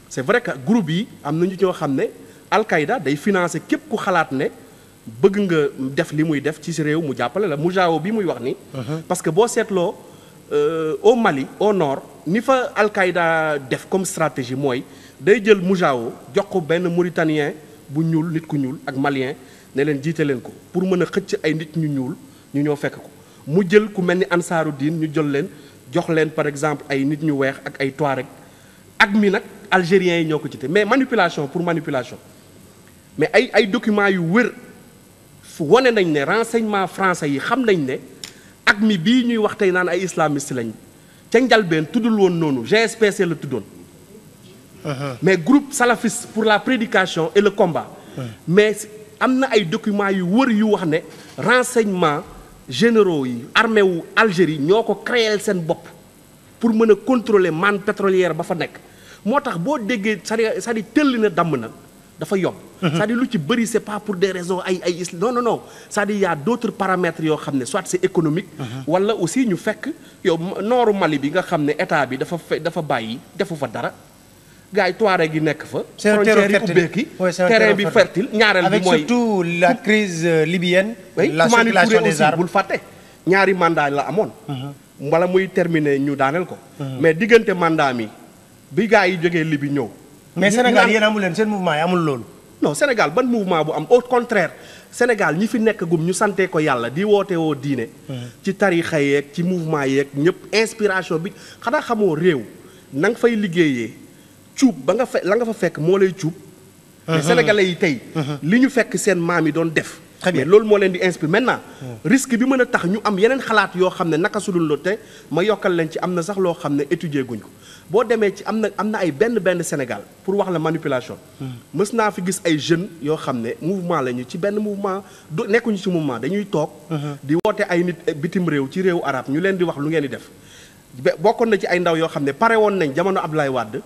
c' est vrai que groupe yi am na ñu ñoo xam ne Al-Qaïda day financer képp ku xalaat ne bëgg nga def li muy def ci si réew mu jàppale la Moujao bi muy wax ni parce que boo seetloo euh, au Mali au nord ni fa Al-Qaïda def comme stratégie mooy day jël Moujao jox ko benn Mauritanien. bu ñuul nit ku ñuul ak malien ne leen jiite leen ko pour mën a xëcc ay nit ñu ñuul ñu ñoo fekk ko mu jël ku mel ni ansaaru diin ñu jël leen jox leen par exemple ay nit ñu weex ak ay touareg ak mi nag algériens yi ñoo ko jiite mais manipulation pour manipulation mais ay ay documents yu wër fu wone nañ ne renseignement français yi xam nañ ne ak mi bii ñuy wax tey naan ay islamiste lañ ca njalbeen tuddul woon noonu GSPC la tuddoon Uh-huh. mais groupe salafiste pour la prédication et le combat. mais am na ay documents yu wër yu wax ne renseignement généraux yi armée wu Algérie ñoo ko créel seen bopp pour mën a contrôler manne pétrolière ba fa nekk moo tax boo déggee c'est-à-dire tëll na damm na dafa yomb. Uh-huh. cest à lu ci bëri c'est pas pour des raisons ay ay is non non non cest a d'autres paramètres yoo xam ne soit c'est économique. Uh-huh. wala aussi ñu fekk yow nooru Mali bi nga xam ne état bi dafa fe dafa bàyyi defu fa dara. gars yi tuaare gi nekk fa. frontière yi ubbeeki terrain bi fertile ñaareel bi mooy surtout la crise euh, libyenne. la circulation des armes bul fàtte ñaari mandat la amoon. wala mhm. muy terminer ñu daaneel ko. Mhm. mais diggante mandat mi bi gars yi jógee Libye ñëw. mais Sénégal yéen amu leen seen mouvement yi amul loolu. non Sénégal ban mouvement bu am au contraire Sénégal ñi fi nekk gum ñu sante ko yàlla di woote woo diine. Mhm. ci tarixa yeeg ci mouvement yeeg ñëpp inspiration bi xanaa xamoo réew na nga fay liggéeyee. cuub ba nga fe la nga fa fekk moo lay cuub. Uh-huh. mais yi tey. Uh-huh. li ñu fekk seen maam yi doon def. mais loolu moo leen di inspire maintenant. Uh-huh. risque bi mën a tax ñu am yeneen xalaat yoo xam ne naka sudul la te ma yokkal leen ci am na sax loo xam ne étudier guñ ko boo demee ci am na am na ay benn benn Sénégal pour wax la manipulation. mës naa fi gis ay jeunes yoo xam ne mouvement la ñu ci benn mouvement du nekkuñu ci mouvement dañuy toog. di woote ay nit eh, bitim réew ci réew arab ñu leen di wax lu ngeen di def. bokkoon na ci ay yoo xam ne pare woon nañ jamono Abdoulaye Wade.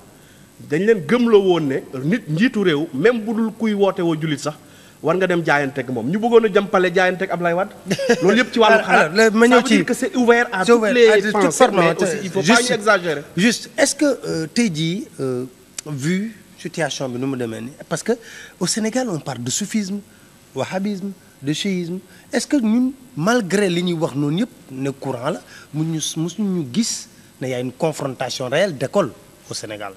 dañ leen gëm gëmloo woon ne nit njiitu réew même bu dul kuy woote woo jullit sax war nga dem jaayanteeg moom ñu bëggoon a jàmpale jaayanteeg Ablaye Wade loolu yëpp ci wàllu xalaat ma ñëw ci que c'est ouvert à toutes les pensées mais exagérer juste est-ce que euh, tey jii euh, vu situation bi nu mu demee nii parce que au Sénégal on par de soufisme wahhabisme de chiisme est-ce que ñun malgré li ñuy wax noonu yëpp ne courant la mu ñu mosuñu gis ne y a une confrontation réelle d'école au Sénégal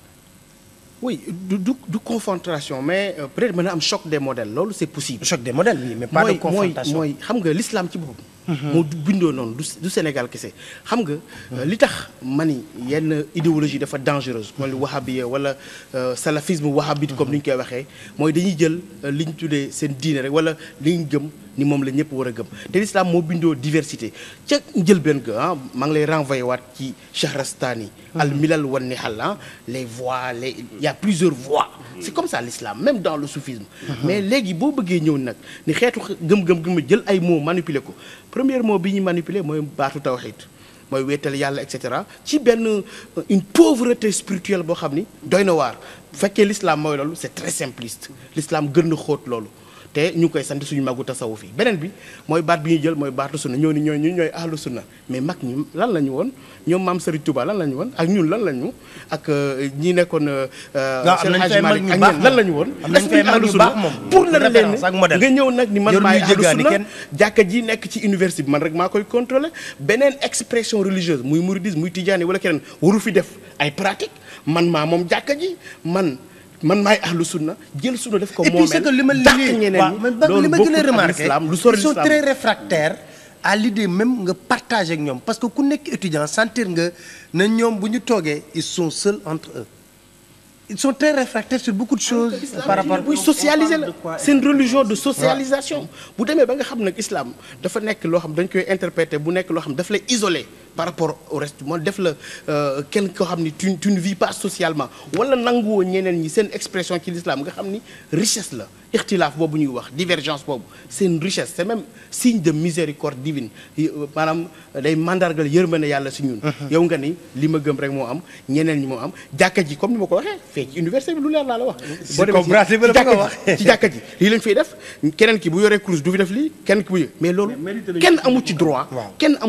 oui du du du confrontation mais euh, peut-être mën na am choc des modèles loolu c'est possible. choc des modèles oui mais pas de confrontation mooy mooy xam nga l'islam ci boppam. Mhm. moo bindoo noonu du du Sénégal kese xam nga. Euh, li tax ma ni yenn idéologie dafa dangereuse. mooy wahabiya wala euh, salafisme wahabite comme ni ñu koy waxee mooy dañuy jël euh, li ñu tuddee seen diine rek wala li ñu gëm. ni moom la ñëpp war a gëm te lislaam moo bindoo diversité ca njëlbeen ga ah maa ngi lay renvoyé waat ci Shahrastani mm-hmm. al milal wan nihal ah les voies les il y a plusieurs voies mm-hmm. c'est comme ça l'islam même dans le soufisme mm-hmm. mais léegi boo bëggee ñëw nag ni xeetu gëm-gëm gi jël ay mots manipuler ko premier mot bi ñu manipuler mooy baatu tawxid mooy wéetal yàlla et cetera ci benn une pauvreté spirituelle boo xam ni doy na waar bu fekkee l'islam mooy loolu c'est très simpliste gën na xóot loolu te ñu koy sant suñu magu tasawuf fii beneen bi mooy baat bi ñu jël mooy baatu sunna ñëw ni ñooy ñu ñooy ahlu sunna mais mag ñi lan la ñu woon ñoom maam Serigne Touba lan la ñu woon ak ñun lan la euh, euh, ñu ak ñi nekkoon Seydi Hadji Malick ak ñun lan la ñu woon esprit ahlu sunna pour lan leen nga ñëw nag ni man maay ahlu sunna jàkka ji nekk ci université bi man rek maa koy contrôler beneen expression religieuse muy mouridisme muy tijaani wala keneen waru fi def ay pratique man maa moom jàkka ji man man maay ahlu sunna jël sunna def ko moomeel. et li ma liggéey waaw man li ma gën a remarqué lu sori l'islam ils sont à l'idée même nga partager ak ñoom parce que ku nekk étudiant sentir nga na ñoom bu ñu toogee ils sont seuls entre eux. ils sont très réfractaires sur buy socialiser la seen religion de socialisation. Mm. bu demee ba nga xam nag islam dafa nekk loo xam dañ koy interpréter bu nekk loo xam daf la isolé. par rapport au reste moo def la euh, kenn koo xam ni tu tu ne vis socialement wala nanguwoo ñeneen ñi seen expression ci l'islam nga xam ni richesse la ixtilaaf boobu ñuy wax divergence boobu seen richesse c'est même signe de miséricorde divine euh, maanaam day mandargal yërmande yàlla si ñun uh-huh. yow nga ni li ma gëm rek moo am ñeneen ñi moo am jàkka ji comme ni ma ko waxee fee ci université bi lu leer laa la wax ci jàkka ji lii lañ fiy def keneen ki bu yoree kurus du fi def lii keneen ki bu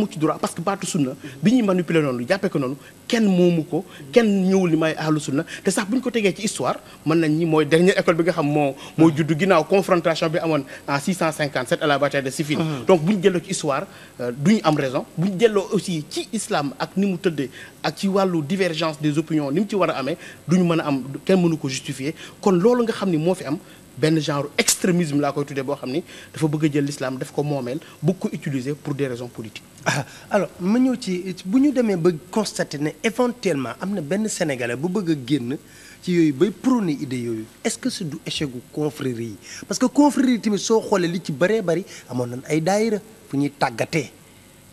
que baatu sunna bi ñuy manipuler noonu jàppee ko noonu kenn moomu ko kenn ñëwul ni may ahlu na te sax bu ñu ko tegee ci histoire mën nañ ñi mooy dernière école bi nga xam moo moo juddu ginnaaw confrontation bi amoon en 657 à la bataille de Siffin donc bu ñu delloo ci histoire euh, duñu am raison bu ñu delloo aussi ci islam ak ni mu tëddee ak ci wàllu divergence des opinions ni mu ci war a amee duñu mën a am kenn mënu ko justifier kon loolu nga xam ni moo fi am benn genre extrémisme laa koy tuddee boo xam ni dafa bëgg a jël lislaam daf ko moomeel bëgg ko utiliser pour des raisons politiques. Ah, alors ma ñëw ci bu ñu demee ba constater ne éventuellement am na benn sénégalais bu bëgg a génn ci yooyu bay prôné idée yooyu est-ce que c'est du échec gu confrérie yi parce que confrérie yi tamit soo xoolee li ci bëree bëri amoon nañ ay daayira fu ñuy tàggatee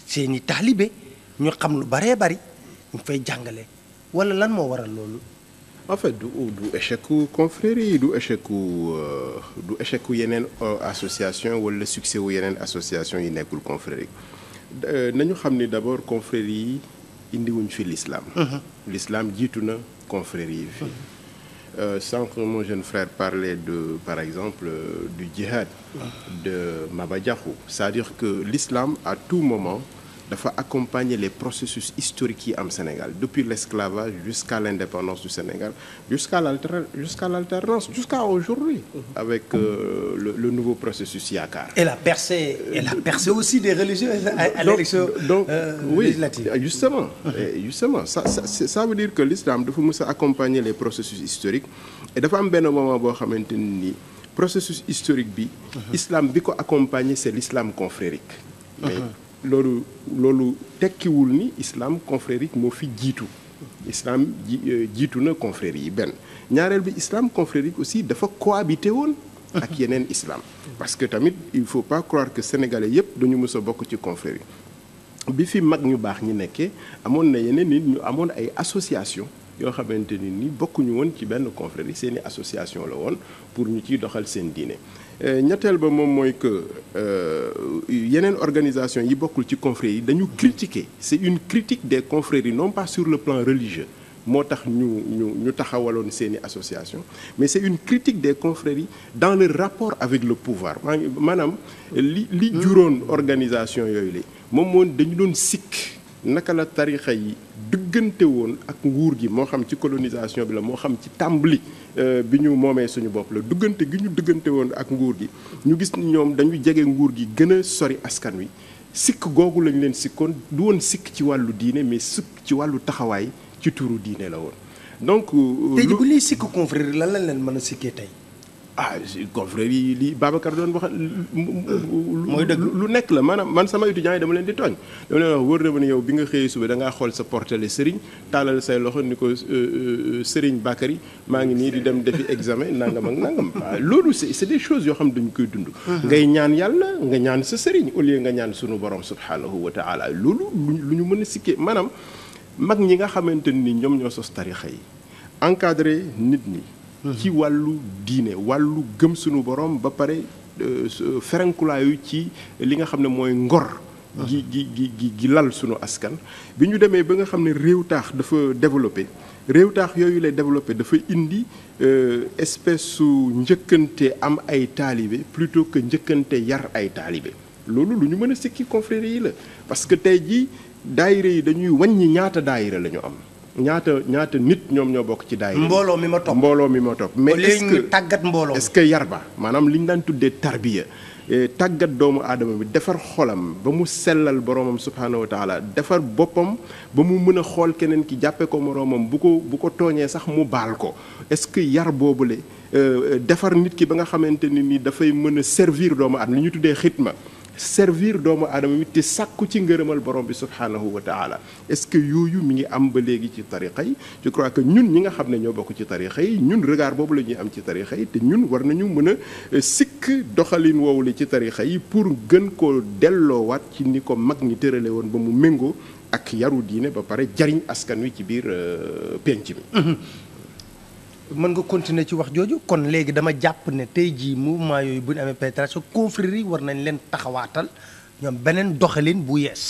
seeni taalibe ñu xam lu bëree bëri ñu fay jàngale wala lan moo waral loolu. en fait du du échec ku confrérie du échec ku euh, du échec yeneen euh, association wala succès wu yeneen association yi nekkul confrérie euh, nañu xam ni d'abord confrérie yi indiwuñ fi l'islam mhm. l'islam jiitu na confrérie yi fi mhm. sànq mon jeune frère parlait de par exemple du djihad mhm. de Maba Diakhou c'est-à-dire que l'islam à tout moment dafa accompagner les processus historiques yi am Sénégal depuis l'esclavage jusqu'à l'indépendance du Sénégal jusqu'à l'alter jusqu'à l'alternance jusqu'à aujourd'hui mhm. avec euh, le, le nouveau processus Yaakaar. et la percé aussi des religieux à, l'élection donc euh, oui législative. Euh, justement mhm. et justement ça ça ça veut dire que l'islam dafa mës accompagner les processus historiques et dafa am benn moment boo xamante ni processus historique bi. Mhm. islam bi ko accompagner c'est l'islam confrérique. loolu loolu tekkiwul ni islam confrérie moo fi jiitu islam ji euh, jiitu na confrérie yi benn ñaareel bi islam confrérie aussi dafa cohabité woon ak yeneen islam parce que tamit il faut pas croire que sénégalais yëpp dañu mës a bokk ci confrérie bi fi mag ñu baax ñi nekkee amoon na yeneen nit ñu amoon ay association yoo xamante ni ni bokkuñu woon ci benn confrérie seeni association la woon pour ñu ciy doxal seen diine Euh, ñetteel ba moom mooy que euh, yeneen organisation yi bokkul ci confréries yi dañu critiquer c'est une critique des confréries non pas sur le plan religieux moo tax ñu ñu ñu taxawaloon seeni association mais c'est une critique des yi dans le rapport avec le pouvoir maa maanaam li li juróon organisation yooyu li moom moom dañu doon sikk naka la tarixa yi duggante woon ak nguur gi moo xam ci colonisation bi la moo xam ci tàmbali euh, bi ñu moomee suñu bopp la duggante gi ñu duggante woon ak nguur gi ñu gis ni ñoom dañu jege nguur gi gën a sori askan wi sikk googu lañ leen sikkoon du woon sikk ci wàllu diine mais sikk ci wàllu taxawaay ci turu diine la woon donc. Euh, tey bu ñuy sikk confrérie lan lañ leen mën a sikkee tey. ah confrère yi lii Babacar doon wax. mooy dëgg lu nekk la maanaam man sama étudiants yi dama leen di tooñ. dama leen wax wóor na ma yow bi nga xëyee suba da xool sa portale Serigne taalal say loxo ni ko euh, euh, Serigne Bakary maa ngi nii di dem defi examen nangam ak nangam. waaw ah, loolu c' est des yoo xam ne dañu koy dund. Mm-hmm. ngay ñaan yàlla nga ñaan sa Serigne au lieu nga ñaan sunu borom subhanahu wa taala loolu lu ñu mën a sikkee maanaam mag ñi nga xamante ni ñoom ñoo sos tarixa yi encadré nit ñi. ci wàllu diine wàllu gëm sunu borom ba pare euh, euh, ferenkulaayu ci li nga xam ne mooy ngor gi gi gi gi lal sunu askan bi ñu demee ba nga xam ne réew taax dafa développé réew taax yooyu lay développé dafa indi euh, espèce su njëkkante am ay taalibe plutôt que njëkkante yar ay taalibe loolu lu ñu mën a sikki confrérie yi la parce que tey jii daayira yi dañuy wàññi ñaata daayira la ñu am ñaata ñaata nit ñoom ñoo bokk ci daay mbooloo mi ma topp mbooloo mi ma topp mais est-ce que tàggat mbooloo est-ce que yarba maanaam li ñu daan tuddee tarbiya eh, tàggat doomu aadama bi defar xolam ba mu sellal boromam subhaanahu wa defar boppam ba mu mën a xool keneen ki jàppe ko moroomam bu ko bu ko tooñee sax mu baal ko est-ce que yar boobule eh, eh, defar nit ki ba nga xamante ni ni dafay mën a servir doomu aadama li ñu tuddee xitma servir doomu aadama bi te sàkku ci ngërëmal borom bi subhaanahu wa taala est-ce que yooyu mi ngi am ba léegi ci tariqa yi je crois que ñun ñi nga xam ne ñoo bokk ci tariqa yi ñun regard boobu la ñuy am ci tariqa yi te ñun war nañu mën a euh, sikk doxalin woowu la ci tariqa yi pour gën koo delloowaat ci ni ko mag ñi tërale woon ba mu méngoo ak yaru diine ba pare jariñ askan wi ci biir euh, penc mi mm-hmm. mën nga continuer ci wax jooju kon léegi dama jàpp ne tey jii mouvement yooyu bu ñu amee pénétration confrérie yi war nañ leen taxawaatal ñoom beneen doxalin bu yees.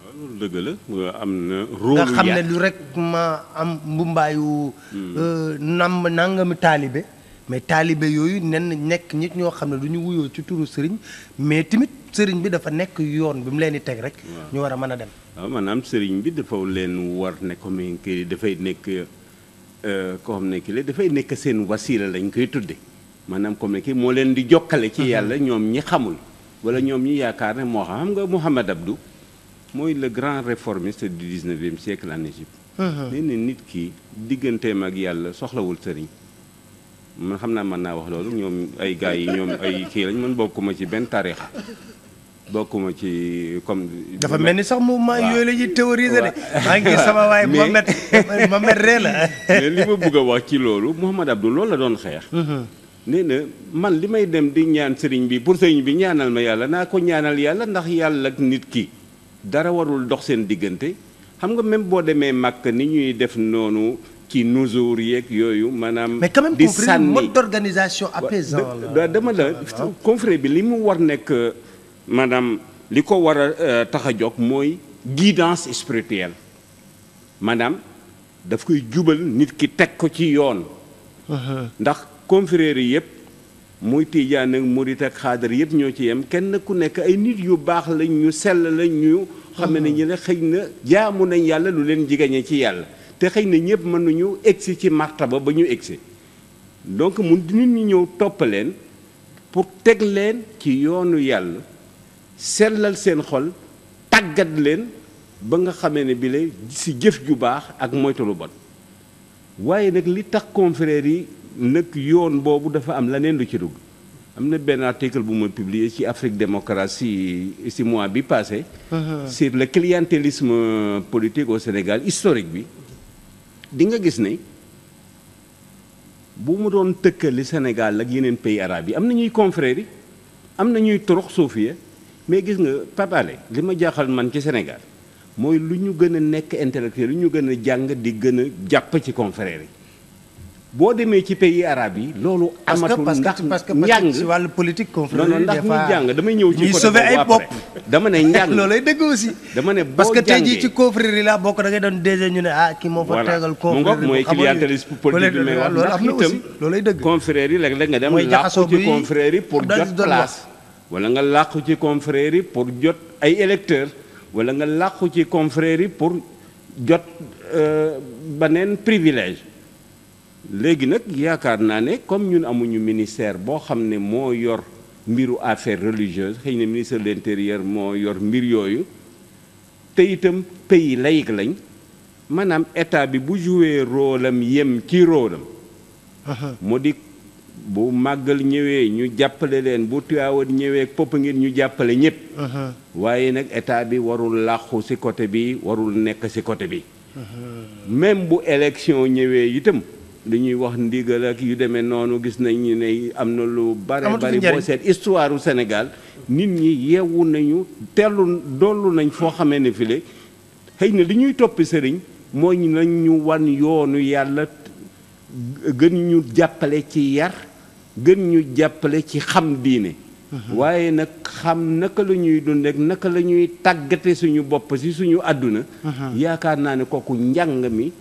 loolu dëgg am na. nga xam ne lu rek ma am mbumbaayu. Hmm. Euh, nam nangami taalibe. mais taalibe yooyu nen nekk nit ñoo xam ne du ñu wuyoo ci turu sëriñ mais tamit sëriñ bi dafa nekk yoon bi mu leen di teg rek. ñu war a mën a dem. waaw maanaam sëriñ bi dafa leen war ne comme dafay nekk. Euh, koo xam ne ki la dafay nekk seen wasiila lañ koy tudde maanaam comme ne ki moo leen di jokkale ci mhm. yàlla ñoom ñi xamul wala ñoom ñi yaakaar ne moo xam nga Mouhamad Abdou mooy le grand réformiste du 19e siècle en Égypte mhm. nee nit ki digganteem ak yàlla soxlawul sëriñ man xam naa mën naa wax loolu ñoom ay gars yi ñoom ay kii lañ man bokkuma ci benn tarixa bokkuma ci comme. dafa mel ni sax mouvement yooyu la ñuy théoriser de. maa ngi sama waay Mohamed Ree la. mais li ma bëgg a wax ci loolu Mouhamad Abdou loolu la doon xeex. Mhm. nee na man li may dem di ñaan sëriñ bi pour sëriñ bi ñaanal ma yàlla naa ko ñaanal yàlla ndax yàlla nit ki dara warul dox seen diggante xam nga même boo demee màkk ni ñuy def noonu. ci nuzuur yeeg yooyu maanaam. mais quand même dama la confrérie bi li mu war nekk. maanaam li ko war a euh, tax a jóg mooy guidance spirituelle maanaam daf koy jubal nit ki teg ko ci yoon uh-huh. ndax confrérie yi yëpp muy tiijaan ak murit ak xaadar yëpp ñoo ci yem kenn ku nekk ay nit yu baax lañ ñu sell lañ ñu xam ne uh-huh. ñu ne xëy na jaamu nañ yàlla lu leen jigéñe ci yàlla te xëy na ñëpp mënuñu egsi ci marta ba ba ñu egsi donc mun nit ñi ñëw topp pour teg leen ci yoonu yàlla sellal seen xol tàggat leen ba nga xamee ne bi lay si jëf ju baax ak moytu lu bon waaye nag li tax confrères yi nag yoon boobu dafa am leneen lu ci dugg am na benn article bu ma publié ci Afrique démocratie si mois bi passé uh-huh. sur le clientélisme politique au Sénégal historique bi di nga gis ni bu mu doon tëkkali Sénégal ak yeneen pays arabes yi am na ñuy confrères yi am na ñuy torox suufiya mais gis nga Pape Alé li ma jaaxal man ci Sénégal mooy lu ñu gën a nekk intellectuel lu ñu gën a jàng di gën a jàpp ci confrères yi boo demee ci pays arabes yi loolu. amatul ndax njàng si wàllu politique confrères yi ndax ñu jàng damay ñëw ci côté dama ne njàng loolay dëgg yi laa bokk da ngay doon déjà ñu ne ah kii moo fa tegal. confrères yi mooy clientélisme politique bi may wax. loolu yi léeg yi pour jot place wala nga làqu ci confrères yi pour jot ay électeurs wala nga làqu ci confrères yi pour jot euh, beneen privilège léegi nag yaakaar naa ne comme ñun amuñu ministère boo xam ne moo yor mbiru affaire religieuse xëy na ministère de l'intérieur moo yor mbir yooyu te itam pays laïque lañ maanaam état bi bu jouer rolam am yem ci rôle am di bu màggal ñëwee ñu jàppale leen bu Tiwaawan ñëwee popp ngir ñu jàppale ñëpp. Uh-huh. waaye nag état bi warul làqu ci côté bi warul nekk ci côté bi. Uh-huh. même bu élection ñëwee itam li ñuy wax ndigal ak yu demee noonu gis nañu ne am na lu. bare bari boo seet histoire u Sénégal. nit ñi yeewu nañu tellu dollu nañ foo xamee ne file xëy na li ñuy toppi sëriñ mooy nañ ñu wan yoonu yàlla gën ñu jàppale ci yar. gën ñu jàppale ci xam diine mhm. waaye nag xam naka la ñuy dund rek naka la ñuy tàggate suñu bopp si suñu àdduna mhm. yaakaar naa ne kooku njàng mi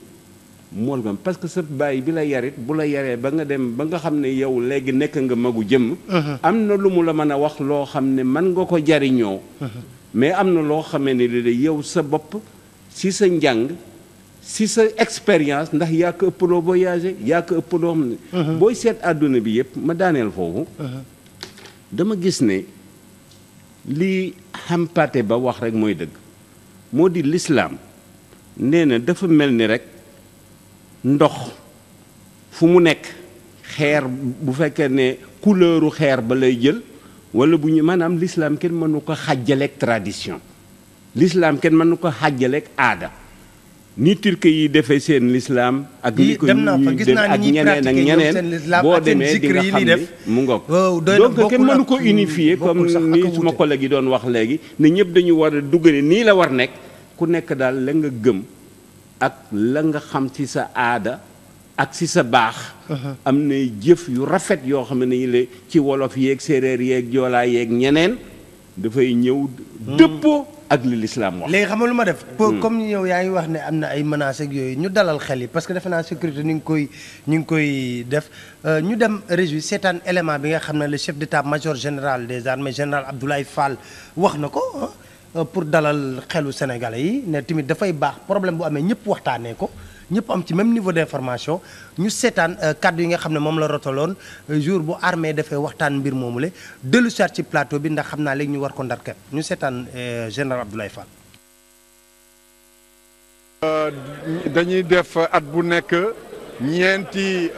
mool gam parce que sa baay bi la yarit bu la yaree ba nga dem ba nga xam ne yow léegi nekk nga magu jëm mhm. am na lu mu la mën a wax loo xam ne mën nga ko jariñoo mais am na loo xamee ne li de yow sa bopp si sa njàng si sa expérience ndax yaa ko ëpp loo voyagé yaa ëpp loo xam ne uh-huh. booy seet àdduna bi yëpp ma daaneel foofu uh-huh. dama gis ne li Hampâté ba wax rek mooy dëgg moo di lislaam nee na dafa mel ni rek ndox fu mu nekk xeer bu fekkee ne couleuru xeer ba lay jël wala bu ñu maanaam lislaam kenn mënu ko xàjjaleek tradition lislaam kenn mënu ko xàjjaleek aada ni turquie yi defee seen lislaam ak ni ko ñuy def ak ñeneen ak ñeneen boo demee di nga xam ne mu ngoog donc kenn mënu ko unifier comme ni suma collègue gi doon wax léegi ne ñëpp dañu war a duggale nii la war nekk ku nekk daal la nga gëm ak la nga xam ci sa aada ak ci sa baax uh-huh. am na jëf yu rafet yoo xam ne la ci wolof yeeg séeréer yeeg joolaa yeeg ñeneen dafay ñëw hmm. dëppoo ak li lislaam wax. léegi xam nga lu ma def. Hmm. comme yow yaa ngi wax ne am na ay menaces ak yooyu ñu dalal xel yi parce que defe naa sécurité ñu ngi koy ñu ngi koy def euh, ñu dem région seetaan élément bi nga xam ne le chef d'état-major général des armées général Abdoulaye Fall wax na ko euh, pour dalal xelu Sénégalais yi ne tamit dafay baax problème bu amee ñëpp waxtaanee ko. ñëpp am ci même niveau d'information ñu seetaan euh, kàddu yi nga xam ne moom la rotaloon euh, jour bu armee dafee waxtaan mbir moomu dellu si ci plateau bi ndax xam naa léegi ñu war ko ndarket ñu seetaan euh, général Abdoulaye dañuy def at bu nekk ñeenti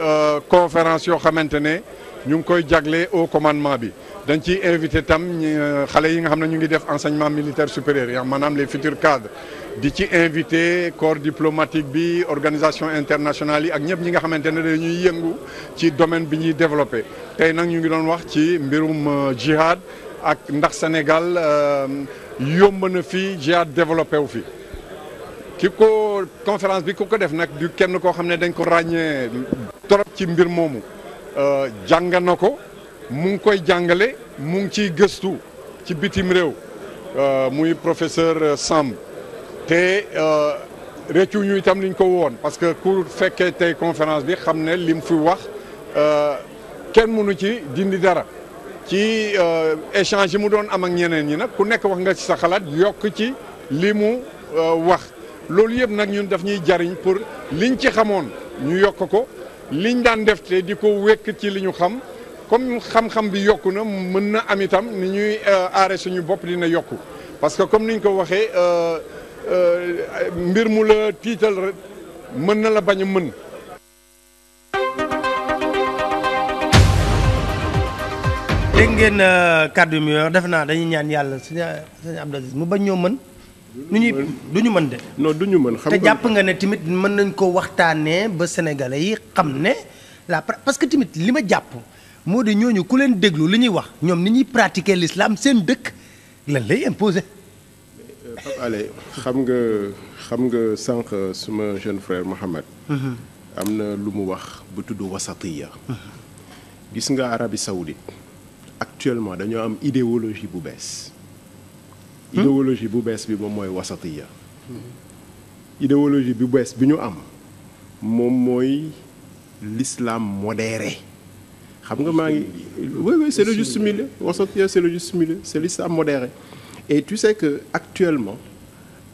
conférence yoo xamante ne ñu ngi koy jagle au commandement bi dañ ci invité tam xale yi nga xam ne ñu ngi def enseignement militaire supérieur yaa maanaam les futurs cadres di ci invité corps diplomatique bi organisation internationale yi ak ñëpp ñi nga xamante ne dañuy yëngu ci domaine bi ñuy développé tey nag ñu ngi doon wax ci mbirum euh, jihad ak ndax Sénégal euh, yomb na fi jihad développé wu fi. ki ko conférence bi ku ko def nag du kenn koo xam ne dañ ko ràññee trop ci mbir moomu euh, jàng na ko mu ngi koy jàngale mu ngi ciy gëstu ci bitim réew muy professeur Samb. te euh, réccu ñu itam liñ ko woon parce que ku fekkee tey conférence bi xam ne lim fi wax euh, kenn mënu ci dindi dara ci euh, échange yi mu doon am ak ñeneen ñi nag ku nekk wax nga ci sa xalaat yokk ci li mu wax loolu yëpp nag ñun def ñuy jariñ pour liñ ci xamoon ñu yokk ko liñ daan def te di ko wekk ci li ñu xam comme xam-xam bi yokk na mën na am itam ni ñuy aare suñu bopp dina yokku parce que comme niñ ko waxee Euh, mbir mu la tiital rek mën na la bañ a mën dégg ngeen euh, kàddu yi mu defe naa dañuy ñaan yàlla sëñ sëñ Abdou Aziz bañ ñoo mën nu ñuy du ñu mën de non du ñu mën xam te jàpp nga ne tamit mën nañ ko waxtaane ba sénégalais yi xam ne la parce que tamit li ma jàpp moo di ñooñu ku leen déglu li ñuy wax ñoom ni ñuy pratiquer l'islam seen dëkk lan lay imposer allez xam nga xam nga sànq suma jeune frère Mohamed. Mhm. am na lu mu wax bu tudd wasatiya mhm. gis nga Arabie Saoudite actuellement dañoo am idéologie bu bees. Hmm? idéologie bu bees bi moom mooy wasatiya hmm. idéologie bu bees bi ñu am moom mooy l'islam modéré xam nga maa ngi. oui oui c'est le juste milieu wasatiya c'est le juste milieu c'est l'islam modéré. et tu sais que actuellement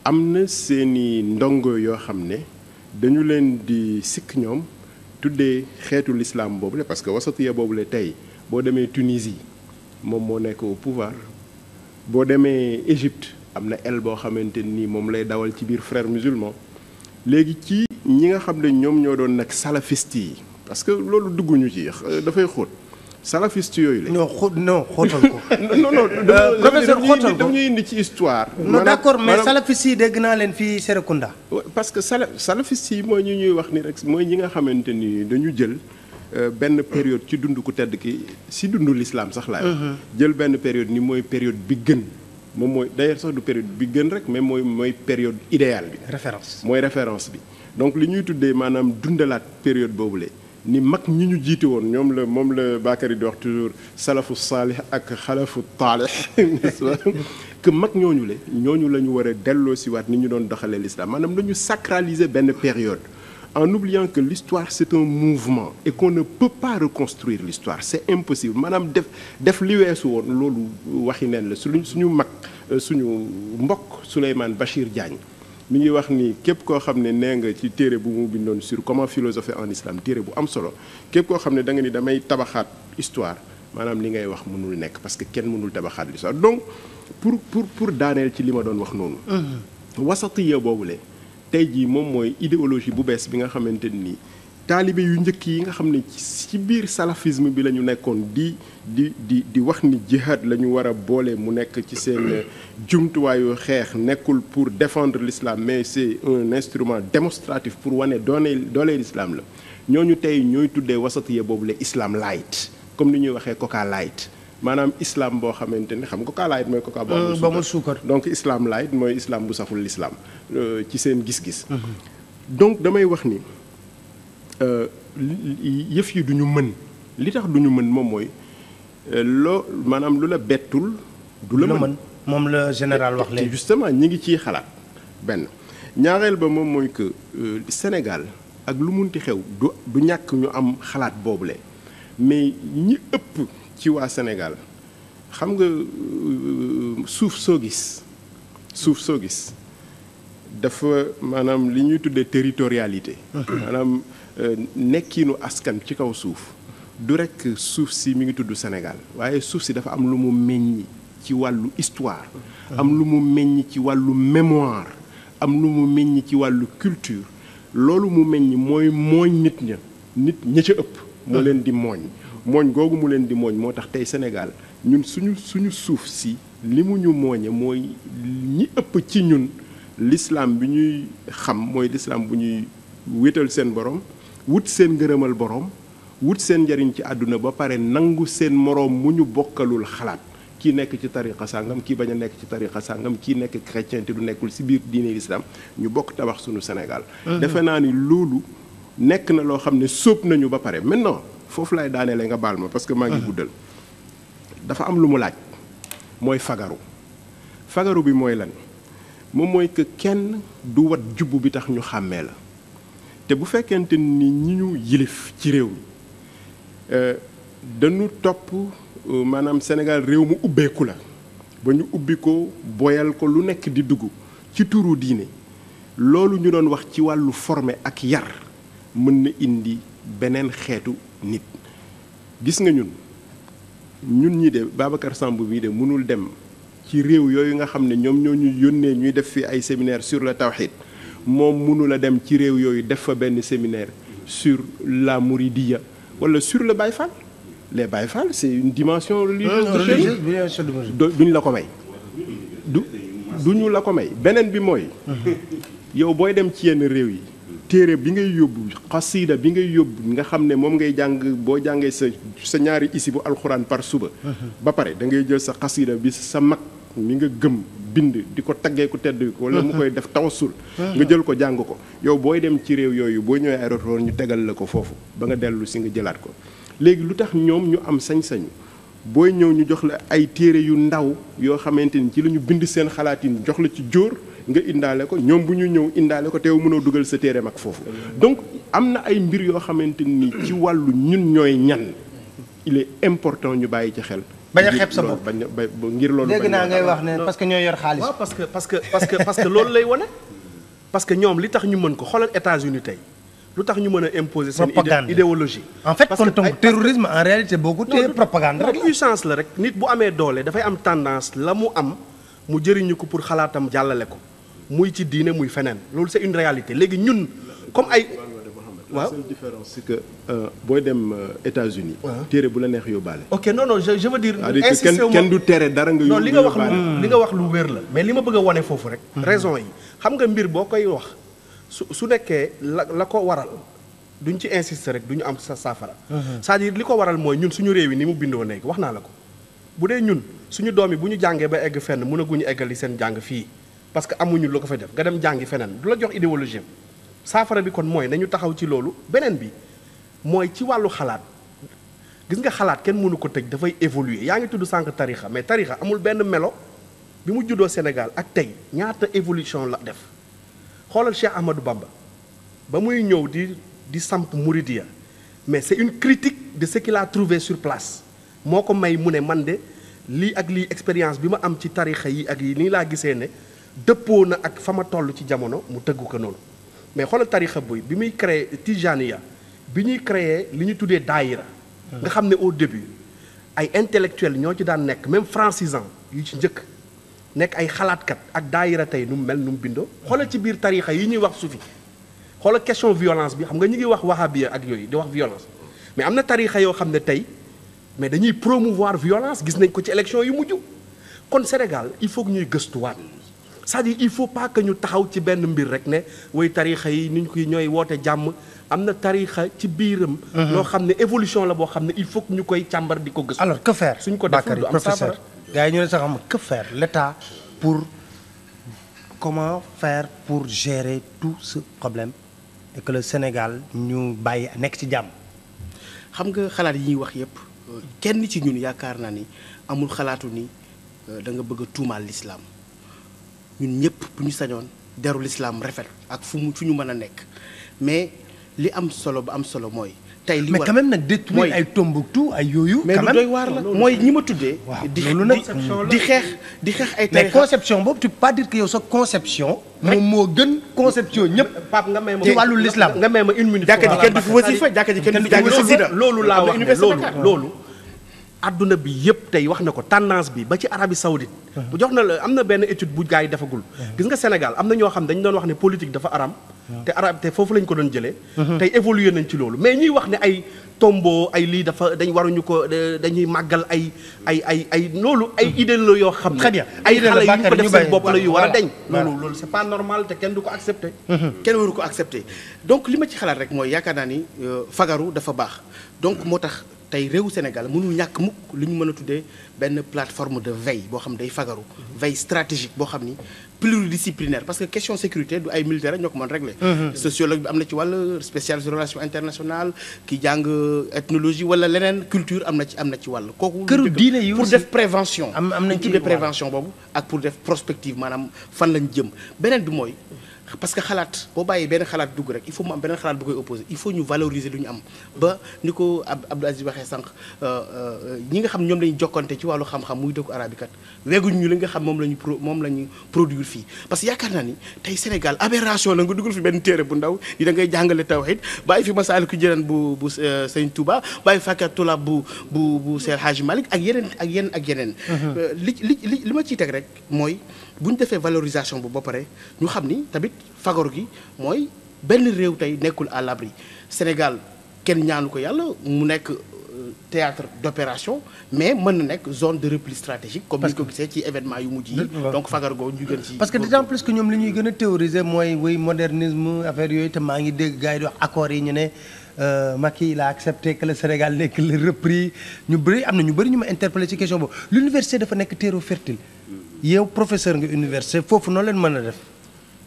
am na seeni ndongo yoo xam ne dañu leen di sikk ñoom tuddee xeetu l'islam boobule parce que wasatiya boobule tey boo demee Tunisie moom moo nekk au pouvoir boo demee Égypte am na el boo xamante nii moom lay dawal ci biir frère musulman léegi ci ñi nga xam ne ñoom ñoo doon nag salafiste yi parce que loolu dugguñu ci euh, dafay xóot salafiste yooyu la. non xo non xóotal ko. non non euh, professeur xóotal ñuy indi ci histoire. non d' accord mais salafiste yi dégg naa leen fii Serekunda. parce que sala salafiste yi mooy ñu ñuy wax ni rek mooy ñi nga xamante ni dañu jël euh, benn période ci dund ku tedd ki si dundu lislaam sax laay mhm. jël benn période ni mooy période bi gën. moom mooy d'ailleurs sax du période bi gën rek mais mooy mooy période idéale bi. référence mooy référence bi. donc li ñuy tuddee maanaam dundalaat période boobu boobule. ni mag ñi ñu jiite woon ñoom la moom la Bakary di wax toujours salafu saalih ak xalafu taalih n'est-ce pas que mag ñooñu le ñooñu la ñu war a delloo siwaat ni ñu doon doxalee l'islam maanaam la ñu sacraliser benn période en oubliant que l'histoire c'est un mouvement et qu'on ne peut pas reconstruire l'histoire c'est impossible maanaam def def li weesu woon loolu waxi neen la suñu suñu mag suñu mbokk Souleymane Bachir Diagne mu ngi wax ni képp koo xam ne nee nga ci téere bu mu bindoon sur comment philosopher en islam téere bu am solo képp koo xam ne danga ni damay tabaxaat histoire maanaam li ngay wax mënul nekk parce que kenn mënul tabaxaat l'histoire donc pour pour pour daaneel ci li ma doon wax noonu. Mm-hmm. wasatiya boobule tey jii moom mooy idéologie bu bees bi nga xamante nii taalibe yu njëkk yi nga xam ne ci biir salafisme bi la ñu nekkoon di di di di wax ni jihad la ñu war a boole mu nekk ci seen jumtuwaayu xeex nekkul pour défendre l'islam mais c'est un instrument démonstratif pour wane doone doole islaam la ñooñu tey ñooy tuddee wasatiya boobu la islaam light comme ni ñuy waxee coca light maanaam islaam boo xamante ni xam nga coca light mooy coca ba mu euh, suukar donc islaam light mooy islaam bu saxul lislaam euh, ci seen gis-gis mhm. Euh, yëf yi du ñu mën li tax du ñu mën moom mooy euh, loo maanaam lu la bettul. du la mën moom la général wax léegi. justement ñi ngi ciy xalaat benn ñaareel ba moom mooy que euh, Sénégal ak lu mun ti xew du ñàkk ñu am xalaat boobule mais ñi ëpp ci waa Sénégal xam nga suuf soo gis suuf soo gis dafa maanaam li ñuy tuddee territorialité. Ah. Euh, nekkiinu askan ci kaw suuf du rekk suuf si mi ngi tudd Sénégal waaye suuf si dafa am lu mu meññ ci wàllu histoire am lu mu meññ ci wàllu mémoire am lu mu meññ ci wàllu culture loolu mu meññ mooy mooñ nit ña nit ña ca ëpp moo leen di mooñ mooñ googu mu leen di mooñ moo tax tey Sénégal ñun suñu suñu suuf si li mu ñu mooñe mooy ñi ëpp ci ñun lislaam bi ñuy xam mooy l'islam bu ñuy wéetal seen borom wut seen ngërëmal borom wut seen njariñ ci àdduna ba pare nangu seen moroom mu ñu bokkalul xalaat kii nekk ci tariqa sàngam ki bañ a nekk ci tariqa sàngam kii nekk chrétien te du nekkul si biir diine l'islam ñu bokk tabax suñu Sénégal defe naa ni loolu nekk na loo xam ne sóob nañu ba pare maintenant foofu laay daaneele nga baal ma parce que maa ngi guddal dafa am lu mu laaj mooy fagaru fagaru bi mooy lan moom mooy que kenn du wat jubbu bi tax ñu xàmmee la te bu fekkente ni ñi ñu yilif ci réew mi euh, dañu topp euh, maanaam Sénégal réew mu ubbeeku la ba ñu ubbi ko boyal ko lu nekk di dugg ci turu diine loolu ñu doon wax ci wàllu former ak yar mën na indi beneen xeetu nit gis nga ñun ñun ñi de Babacar Samb bii de mënul dem ci réew yooyu nga xam ne ñoom ñoo ñu yónnee ñuy def fi ay séminaire sur le tawhid moom mënul a dem ci réew yooyu def fa benn séminaire sur la Mouridiya wala sur le Baye Fall les Baye Fall c'est une dimension religieuse duñ la ko may du duñu la ko may beneen bi mooy mhm. yow booy dem ci yenn réew yi téere bi ngay yóbbu xasiida bi ngay yóbbu nga xam ne moom ngay jàng boo jàngee sa sa ñaari isi bu alxuraan par suba mhm. ba pare da ngay jël sa xasiida bi sa mag mi nga gëm bind di ko taggee ko tedd ko wala mu koy def tawassul nga jël ko jàng ko yow booy dem ci réew yooyu boo ñëwee aéroport ñu tegal la ko foofu ba nga dellu si nga jëlaat ko léegi lu tax ñoom ñu am sañ-sañu booy ñëw ñu jox la ay téere yu ndaw yoo xamante ni ci la ñu bind seen xalaatin jox la ci jóor nga indaale ko ñoom bu ñu ñëw indaale ko te yow mënoo dugal sa téere mag foofu donc am na ay mbir yoo xamante ni ci wàllu ñun ñooy ñan il important ñu bàyyi ci xel bañ a xeeb sa bopp ngir loolu dégg naa ngay wax ne parce que ñoo yor xaalis. waaw parce que parce que que loolu lay wane. parce ñoom li tax ñu mën ko xoolal États-Unis tey lu tax ñu mën a imposer seen idéologie en fait kon donc terrorisme en réalité boo ko téye propagande rek puissance la rek nit bu amee doole dafay am tendance la mu am mu jëriñu ko pour xalaatam jàllale ko muy ci diine muy feneen loolu c'est une réalité léegi ñun comme ay waaw seule différence c'est que euh, booy dem euh, États-Unis téere bu la neex yóbbaale. ok non non je je veux dire. insisté wu kenn du tere dara nga. yóbbaale li nga wax lu li nga wax lu wér la. mais li ma bëgg a wane foofu rek. Hmm. raison yi xam nga mbir boo koy wax su su nekkee la la ko waral. duñ ci insister rek duñu am sa saafara. Hmm. cest à li ko waral mooy ñun suñu réew yi ni mu bindoo nekk wax naa la ko bu dee ñun suñu doom yi bu ñu jàngee ba egg fenn mënaguñu eggali seen jàng fii parce que amuñu lu ko fay def nga dem jàngi feneen du la jox idéologie saafara bi kon mooy nañu taxaw ci loolu beneen bi mooy ci wàllu xalaat gis nga xalaat kenn mënu ko tëj dafay évoluer yaa ngi tudd sànq tarixa mais tarixa amul benn melo bi mu juddoo Sénégal ak tey ñaata évolution la def xoolal Cheikh Ahmadou Bamba ba muy ñëw di di samp Mouridia mais c'est une critique de ce qu'il a trouvé sur place moo ko may mu ne man de lii ak lii expérience bi ma am ci tarixa yi ak yi ni laa gisee ne dëppoo na ak fa ma toll ci jamono mu tëggu ko noonu mais xoolal tarixa buy bi muy créé Tijaniya bi ñuy créé li ñu tuddee daayira nga xam ne au début ay intellectuels ñoo ci daan nekk même francisans yu ci njëkk nekk ay xalaatkat ak daayira tey nu mu mel nu mu bindoo xoolal ci biir tarixa yi ñuy wax sufi xoolal question violence bi xam nga ñu ngi wax wahabiya ak yooyu di wax violence mais am na tarixa yoo xam ne tey mais dañuy promouvoir violence gis nañ ko ci élection yu mujj kon Sénégal il faut ñuy gëstuwaat cest à il faut pas ñu taxaw ci benn mbir rek ne way tarixa yi nu ñu koy ñooy woote jàmm am na tarixa ci biiram mhm. loo xam ne évolution la boo xam ne il faut ñu koy càmbar di ko gëstu alors suñ ko deful du am saafara gars yi ñu ne sax xam que pour comment faire pour gérer tout ce problème ñu bàyyi nekk ci jàmm xam nga xalaat yi ñuy wax yépp kenn ci ñun yaakaar naa ni amul xalaatu ni euh, da nga bëgg a tuumaal l'islam ñun ñëpp bu ñu sañoon deru lislaam rafet ak fu mu fu ñu mën a nekk mais li am solo ba am solo mooy. tey li war mais quand même nag détruire ay Tombouctou ay yooyu. mais lu doy waar la mooy ñi ma tuddee. di di xeex di xeex ay. mais conception boobu tu peux pas dire que yow sa conception. moom moo gën conception ñëpp. Pape nga may ma ci wàllu lislaam nga may ma une jàkka ji kenn du fi wasifa jàkka ji kenn du fi wasifa loolu laa wax ne loolu loolu. àdduna bi yëpp tey wax na ko tendance bi ba ci Arabie Saoudite uh-huh. bu jox na la am na benn étude bu gars yi defagul uh-huh. gis nga Sénégal am na ñoo xam dañu doon wax ne politique dafa aram uh-huh. te arab te foofu lañ ko doon jëlee tey évoluer nañ ci loolu mais ñuy wax ne ay tombo ay lii dafa dañ waruñu ko dañuy màggal ay ay ay ay loolu ay idée la yoo xam ne ay xale yu ko def seen bopp la yu war a deñ loolu loolu c'est pas normal te kenn du ko accepté kenn waru ko accepté donc li ma ci xalaat rek mooy yaakaar ni euh, fagaru dafa baax donc moo tax tey réew Sénégal mënul ñàkk mukk lu ñu mën a tuddee benn plateforme de veille boo xam ne day fagaru mhm. veille stratégique boo xam ni pluridisciplinaire parce que question sécurité du ay militaire a ñoo ko mën régler mhm. sociologue bi am na ci wàll spécialiste relation internationale ki jàng euh, ethnologie wala leneen culture am na ci am na ci wàll kooku diine pour def prévention am nañ ci tuddee prévention boobu ak pour def prospective maanaam fan lañ jëm beneen bi mooy mhm. parce que xalaat boo bàyyi benn xalaat dugg rek il faut mu am beneen xalaat bu koy opposé il faut ñu valoriser lu ñu am ba ni ko Abdou Aziz waxee sànq euh, euh, ñi nga xam ñoom la jokkante ci wàllu xam-xam muy dëkku arabi kat ñu li nga xam moom la ñu pro moom la ñu produire fii parce que yaakaar naa ni tey Sénégal aberration la nga dugal fi benn téere bu ndaw di da ngay jàngale tawhid bàyyi fi Masaalikul Jinaan bu bu euh, Sëñ Touba bàyyi fàkkat tulaab bu bu bu Seydi Hadji Malick ak yeneen ak yeneen ak yeneen li li li ma ciy teg rek mooy bu ñu defee valorisation bu ba pare ñu xam ni tamit fagaru gi mooy benn réew tey nekkul à l'abri Sénégal kenn ñaanu ko yàlla mu nekk euh, théâtre d'opération mais mën na nekk zone de repli stratégique comme ni ko gisee ci événement yu mujj yi donc fagar goo ñu gën ci parce que d'autant plus que ñoom li ñuy gën a théoriser mooy wéy modernisme affaire yooyu te maa ngi dégg gars yi di wax accords yi ñu ne euh, Macky il a accepté que le Sénégal nekk le repris ñu bëri am na ñu bëri ñu ma ci question boobu l'université dafa nekk terreau fertile yow professeur nga université foofu noo leen mën a def.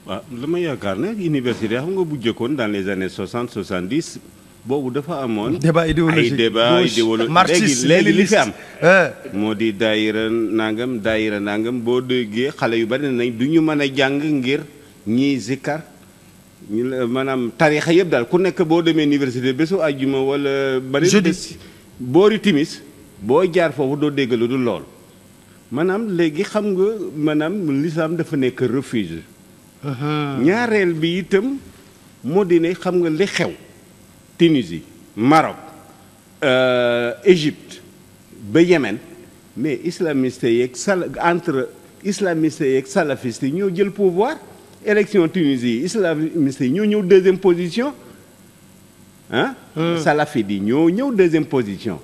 waaw li ma yaakaar ne université xam nga bu jëkkoon dans les années 60 70 boobu dafa amoon. débat idéologique ay débat idéologique marxiste léegi li fi am. Eh. moo di daayira nangam daayira nangam boo déggee xale yu bari nañ du ñu mën a jàng ngir ñi zikkar ñu maanaam tarixa yëpp daal ku nekk boo demee université bésu àjjuma wala. bari boori timis boo jaar foofu doo dégg lu dul lool. maanaam léegi xam nga maanaam lislaam dafa nekk refuge. Uh-huh. ñaareel bi itam moo di ne xam nga li xew. Tunisie Maroc euh, Égypte ba Yémen mais islamiste yeeg sal entre islamiste yeeg salafiste yi ñoo jël pouvoir élection Tunisie yi islamiste yi ñoo ñëw deuxième position ah. salafide yi ñoo ñëw deuxième position.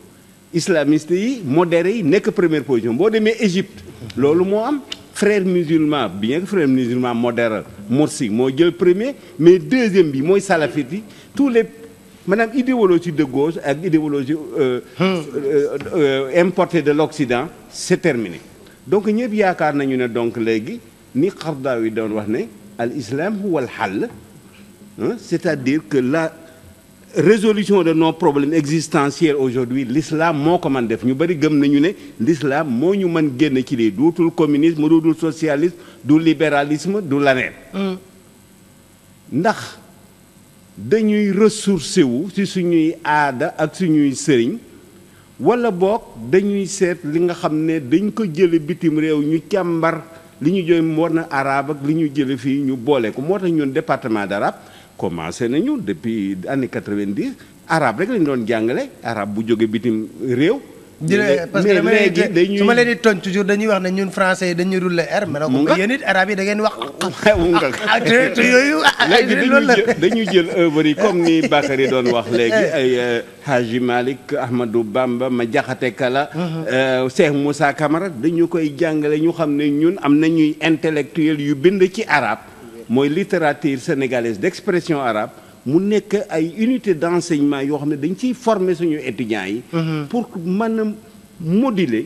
islamiste yi modérés yi nekk première position boo demee Égypte loolu moo am frère musulman bien que frère musulman modéré Morsi moo jël premier mais deuxième bi mooy salafite yi tous les maanaam idéologie de gauche ak idéologie euh, euh, euh importée de l'Occident c'est terminé donc ñëpp yaakaar nañu ne donc léegi ni Qardawi doon wax ne al islam huwa al hal c'est-à-dire que la résolution de nos problèmes existentiels aujourd'hui lislaam moo ko man def ñu bëri gëm nañu ne lislaam moo ñu mën génn ci lii dootul communisme dootul socialisme du libéralisme du laneen mm. ndax dañuy ressourcé wu ci suñuy aada ak suñuy sëriñ wala boog dañuy seet li nga xam ne dañ ko jële bitim réew ñu càmbar li ñu jooy war na arabe ak li ñu jële fii ñu boole ko moo tax ñun département d'arabe commencé nañu depuis année quatre-vingt-dix arabe rek lañu doon jàngale arabe bu jóge bitim réew. parce que damay su ma leen di dañuy wax ne ñun français yi dañuy rulle R. mu nga mais yéen it arabe yi da ngeen wax. mu nga ah, ah, te yooyu. Ah, léegi dañuy jël œuvre yi comme ni Bakary doon wax léegi eh. ay euh, Haji Malick Ahmadou Bamba ma jaxate kala. Mm-hmm. Euh, Cheikh Moussa Camara dañu koy jàngale ñu xam ne ñun am na ñuy intellectuel yu bind ci arabe. mooy littérature sénégalaise d'expression arabe mu nekk ay unité d'enseignement yoo xam ne dañ ciy former suñu étudiants yi mhm. pour man a moduler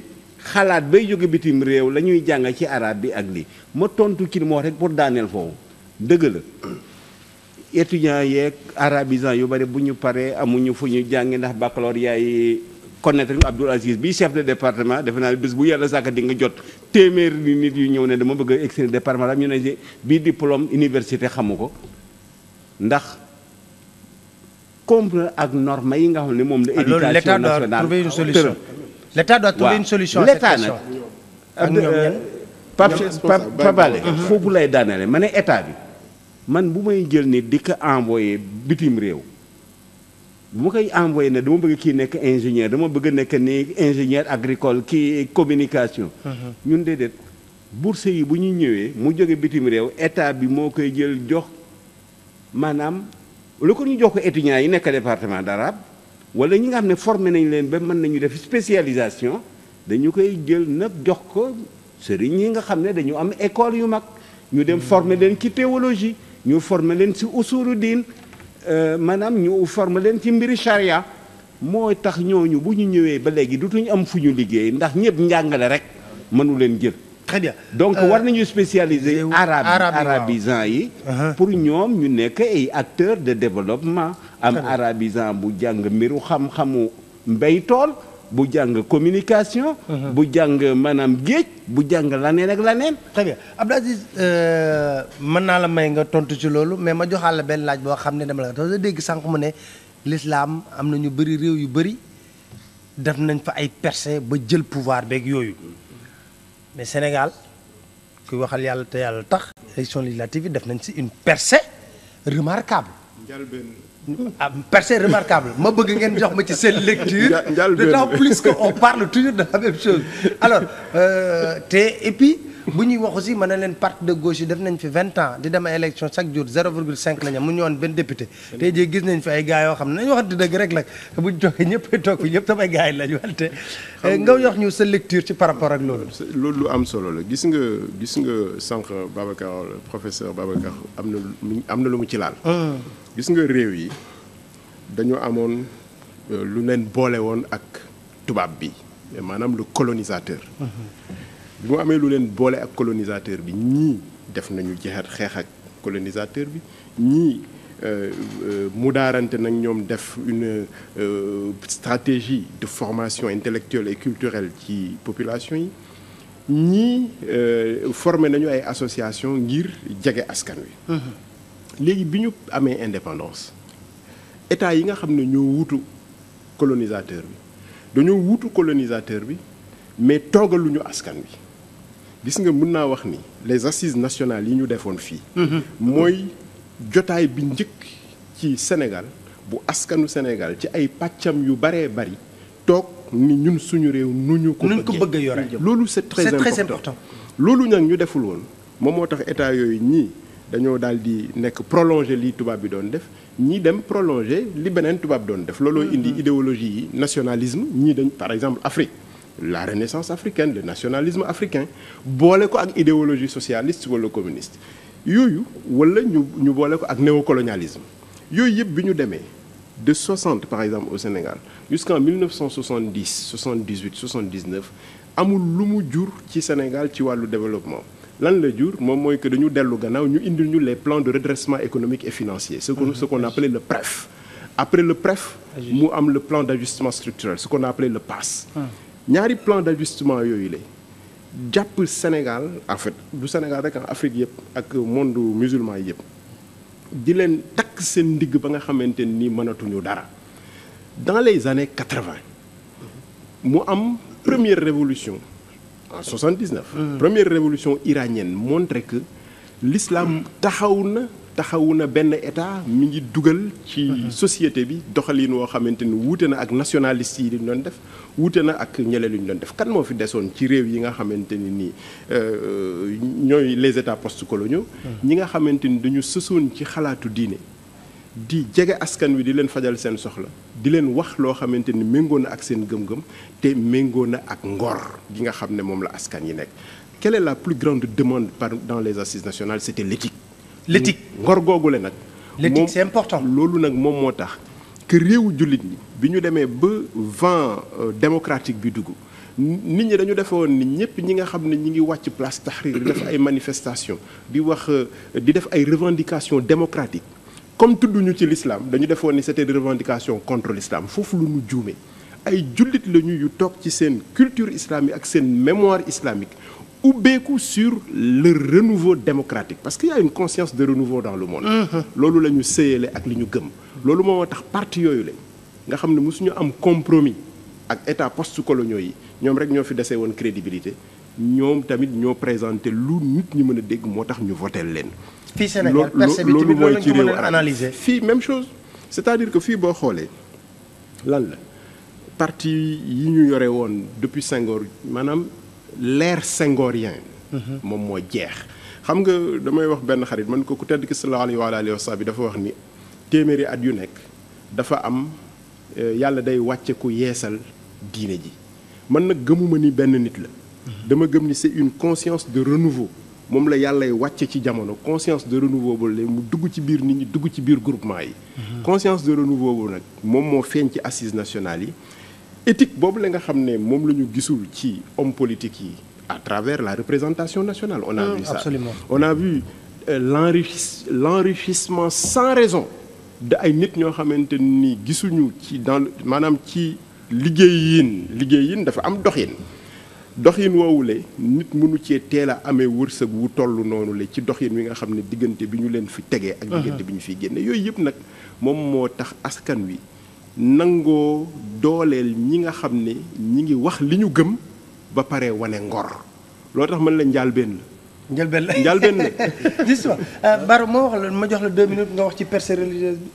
xalaat bay jóge bitim réew la ñuy jàng ci arabe bi ak li ma tontu ci li ma wax rek pour daaneel foofu dëgg la étudiants yeeg arabisants yu bari bu ñu paree amuñu fu ñu jàngi ndax baccalauréat yi connaître nga Abdoul Aziz bi chef de département defe naa ne bu yàlla sàkk di nga jot téeméer nit yu ñëw ne dama bëgg a extérieur département ñu ne bii diplôme université xamu ko ndax compte ak norme yi nga xam ne moom la. Ah, éducation nationale l'État doit trouver une solution. l'État doit trouver une solution euh, mhm. foofu lay daanale ma ne bi man bu may jël nit dikk envoyé bitim réew. bu ma koy envoyé na dama bëgg kii nekk ingénieur dama bëgg nekk ni ingénieur agricole kii communication. Mhm. ñun déedéet bourse yi bu ñuy ñëwee mu jóge bitim réew état bi moo koy jël jox maanaam lu ko ñu jox ko étudiants yi nekk département d'arabe wala ñi nga xam ne formé nañ leen ba mën nañu def spécialisation dañu koy jël nag jox ko sëriñ ñi nga xam ne dañu am école yu mag. ñu dem mhm. former leen ci théologie ñu former leen si usuru din Euh, maanaam ñu former leen ci mbiri charia moo tax ñooñu bu ñu ñëwee ba léegi dutuñu am fu ñu liggéey ndax ñëpp njàngale rek mënu leen jël. très donc euh, war nañu spécialiser arabe arabisant yi uh-huh. pour ñoom ñu nekk ay acteurs de développement am arabisant bu jàng mbiru xam-xamu mbéy tool bu jàng communication. Mhm. bu jàng maanaam géej bu jàng laneen ak laneen. très bien Abdou Aziz euh, mën naa la may nga tontu ci loolu mais ma joxaal la benn laaj boo xam ne dama la ko dégg sànq mu ne lislaam am na ñu bëri réew yu bëri def nañ fa ay percées ba jël pouvoir beeg yooyu mais Sénégal kuy waxal yàlla te yàlla tax. élection législative yi def nañ si une percée remarquable. ah personne remarquable ma bëgg ngeen jox ma ci seen lecture d'autant plus que on parle toujours de la même chose alors euh, te et puis bu ñuy wax aussi mën na leen parti de gauche yi def nañ fi vingt ans di dem ay élection chaque jour zéro virgule cinq la ñu mu ñu woon benn député tey jii gis nañ fi ay gars yoo xam ne nañu wax dëgg rek nag bu ñu toogee ñëpp toog fi ñëpp tam ay gars yi lañu wante eh, nga wax ñu sa lecture ci par rapport ak loolu euh, loolu lu am solo la gis nga gis nga sànq Babacar professeur Babacar am na am na lu mu ci laal hmm. gis nga réew yi dañoo amoon euh, lu leen boole woon ak tubaab bi maanaam le colonisateur hmm. bi mu amee lu leen boole ak colonisateur bi ñii def nañu jihaad xeex ak colonisateur bi ñii euh, euh, mu daarante nag ñoom def une euh, stratégie de formation intellectuelle et culturelle ci population yi ñii formé nañu ay association ngir jege askan wi léegi bi ñu amee indépendance état yi nga xam ne ñoo wutu colonisateur bi dañoo wutu colonisateur bi mais toogaluñu askan wi gis nga mun naa wax ni les assises nationales yi ñu defoon fii. Mhm. mooy jotaay bi njëkk ci Sénégal bu askanu Sénégal ci ay pàccam yu baree bari toog ni ñun suñu réew nu ñu ko. bëgg yore loolu c'est très important loolu nag ñu deful woon moom moo tax état yooyu ñii dañoo daal di nekk prolonger li tubaab bi doon def ñii dem prolonger li beneen tubaab doon def. looloo mhm. indi idéologie yi nationalisme ñii dañ par exemple Afrique. la renaissance africaine le nationalisme africain boole ko ak idéologie socialiste wala communiste yooyu wala ñu ñu boole ko ak néocolonialisme yooyu yëpp bi ñu demee de 60 par exemple au Sénégal jusqu'en 1970 78 79 amul lu mu jur ci Sénégal ci wàllu développement lan la jur moom mooy que dañu dellu gannaaw ñu indil ñu les plans de redressement économique et financier ce qu'on appelait le PREF après le PREF mu am le plan d'ajustement structurel ce qu'on appelait PAS ah. ñaari plan d'ajustement yooyu la jàpp Sénégal en fait du Sénégal rek Afrique yëpp ak monde musulman yëpp di leen takk seen ndigg ba nga xamante ni mënatuñu dara dans les années quatre-vingt mu am première révolution en soixante-dix-neuf mmh. première révolution iranienne montre que l'islam taxaw na taxawu na benn état mi ngi dugal ci mmh. société bi doxalin woo xamante ni wuute na ak nationaliste yi di doon def wuute na ak ñële lu ñu doon def kan moo fi desoon ci réew yi nga xamante ni nii euh, ñooy les états post-coloniaux hmm. ñi nga xamante ni dañu sësoon ci xalaatu diine di jege askan wi di leen fajal seen soxla di leen wax loo xamante ni méngoo na ak seen gëm-gëm te méngoo na ak ngor gi nga xam ne moom la askan yi nekk quelle la plus grande demande par dans les assises nationales c'était l'éthique l'éthique ngor googu le nag l'éthique c'est important moom moo tax kër réewu jullit ñi bi ñu demee ba vent euh, démocratique bi dugg nit ñi dañu defoon ni ñëpp ñi nga xam ne ñi ngi wàcc place Tahrir di def ay manifestations di wax euh, di def ay revendications démocratiques comme tudduñu ci l'islam dañu defoon ni c'était des revendications contre l'islam foofu lu ñu juumee ay jullit lañu yu toog ci seen culture islamique ak seen mémoire islamique ubbeeku sur le renouveau démocratique parce que y a une conscience de renouveau dans le monde loolu la ñu sëyale ak li ñu gëm loolu moo tax parti yooyu lañ nga xam ne mosuñu am compromis ak état post-coloniaux yi ñoom rek ñoo fi desee woon crédibilité ñoom tamit ñoo présenté lu nit ñi mën a dégg moo tax ñu voteel leen fii Sénégal percé bi tamit loolu mooy ci réew analyser fii même chose c'est-à-dire que fii boo xoolee lan la parti yi ñu yore woon depuis Senghor maanaam l'ère senghorienne mhm. moom moo jeex xam nga damay wax benn xarit man ko ku tedd ki sallallahu alayhi wa sallam bi dafa wax ni téeméeri at yu nekk dafa am euh, yàlla day wàcce ku yeesal diine ji man nag gëmuma ni benn nit la mhm. dama gëm ni c'est une conscience de renouveau moom la yàllay wàcce ci jamono conscience de renouveau bu la mu dugg ci biir nit ñi dugg ci biir groupement yi mhm. conscience de renouveau bu nag moom moo feeñ ci assises nationales yi éthique boobu la nga xam ne moom la ñu gisul ci homme politique yi à travers la représentation nationale on a mmh, vu ça absolument. on a vu euh, l'enrichissement sans raison de ay nit ñoo xamante ni gisuñu ci dans maanaam ci liggéey liggéey liggéeyin dafa am doxin doxin woowule nit mënu cee teel a amee wërsëg wu toll noonu le ci doxin wi nga xam ne diggante bi ñu leen fi tegee ak diggante bi ñu fiy génne yooyu yëpp nag moom moo tax askan wi nangoo dooleel ñi nga xam ne ñi ngi wax li ñu gëm ba pare wane ngor loo tax mën la njaalbeen la njëlbeen la njëlbeen la. justement euh, Baro moo wax la ma jox la deux minutes nga wax ci percée religieuse bi.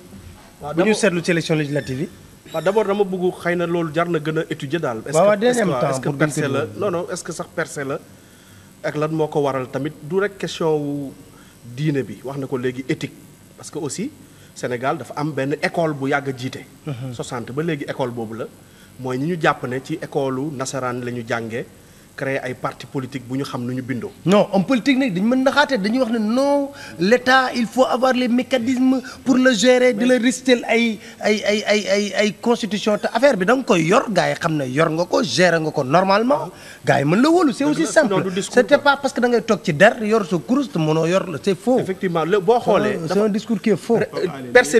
waaw bu ñu seetlu ci élection législative yi. waaw d' abord dama bëgg xëy na loolu jar na gën a étudier daal. waaw deuxième temps est ce que percée la non non est ce que sax percée la. ak lan moo ko waral tamit du rek question wu diine bi wax na ko léegi éthique parce que aussi. Sénégal dafa am benn école bu yàgg a jiite. 60 mhm. ba léegi école boobu la mooy ñi ñu jàpp ne ci école nasaraan la ñu jàngee. créer ay parti politique bu ñu xam nu ñu bindoo. non homme politique nag dañ mën naxaate dañuy wax ne no l' état il faut avoir les mécanismes pour le gérer di la ristel ay ay ay ay ay ay constitution te affaire bi da nga koy yor gars yi xam ne yor nga ko gérer nga ko normalement gars yi mën la wóolu c' est aussi simple c' pas parce que dangay toog ci dar yor sa kurus te mënoo yor la c' est boo xoolee. c' est un discours qui est faux. percé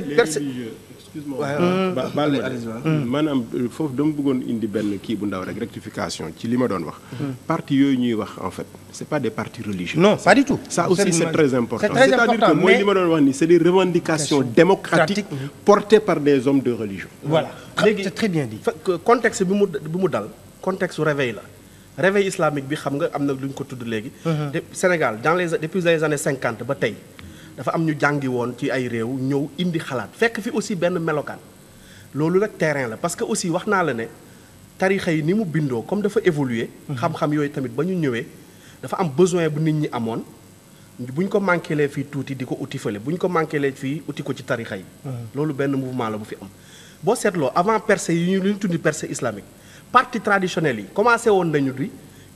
maanaam foofu dama bëggoon indi benn kii bu ndaw rek rectification ci li ma doon wax mm. parti yooyu ñuy wax en fait c'est pas des partis religieux non pas du tout ça aussi c'est très important c'est-à-dire mooy li ma doon wax ni c'est des revendications démocratiques mm-hmm. portées par des hommes de religion voilà ah, léegi c'est très bien dit contexte bi mu dal contexte réveil la réveil islamique bi xam nga am na lu ñu ko tudd léegi mm-hmm. Sénégal dans les depuis les années cinquante ba tey dafa am ñu jàngi woon ci ay réew ñëw indi xalaat fekk fi aussi benn melokaan loolu nag terrain la parce que aussi wax naa la ne tarixa yi ni mu bindoo comme dafa évoluer mhm. xam-xam yooyu tamit ba ñu ñëwee dafa am besoin bu nit ñi amoon buñ ko manquélee fii tuuti di ko uti fële bu ñu ko manquélee fii uti ko ci tarixa yi mhm. loolu benn mouvement la bu fi am boo seetloo avant percée yi ñu li ñu tudd percée islamique parti traditionnel yi commencé woon nañu di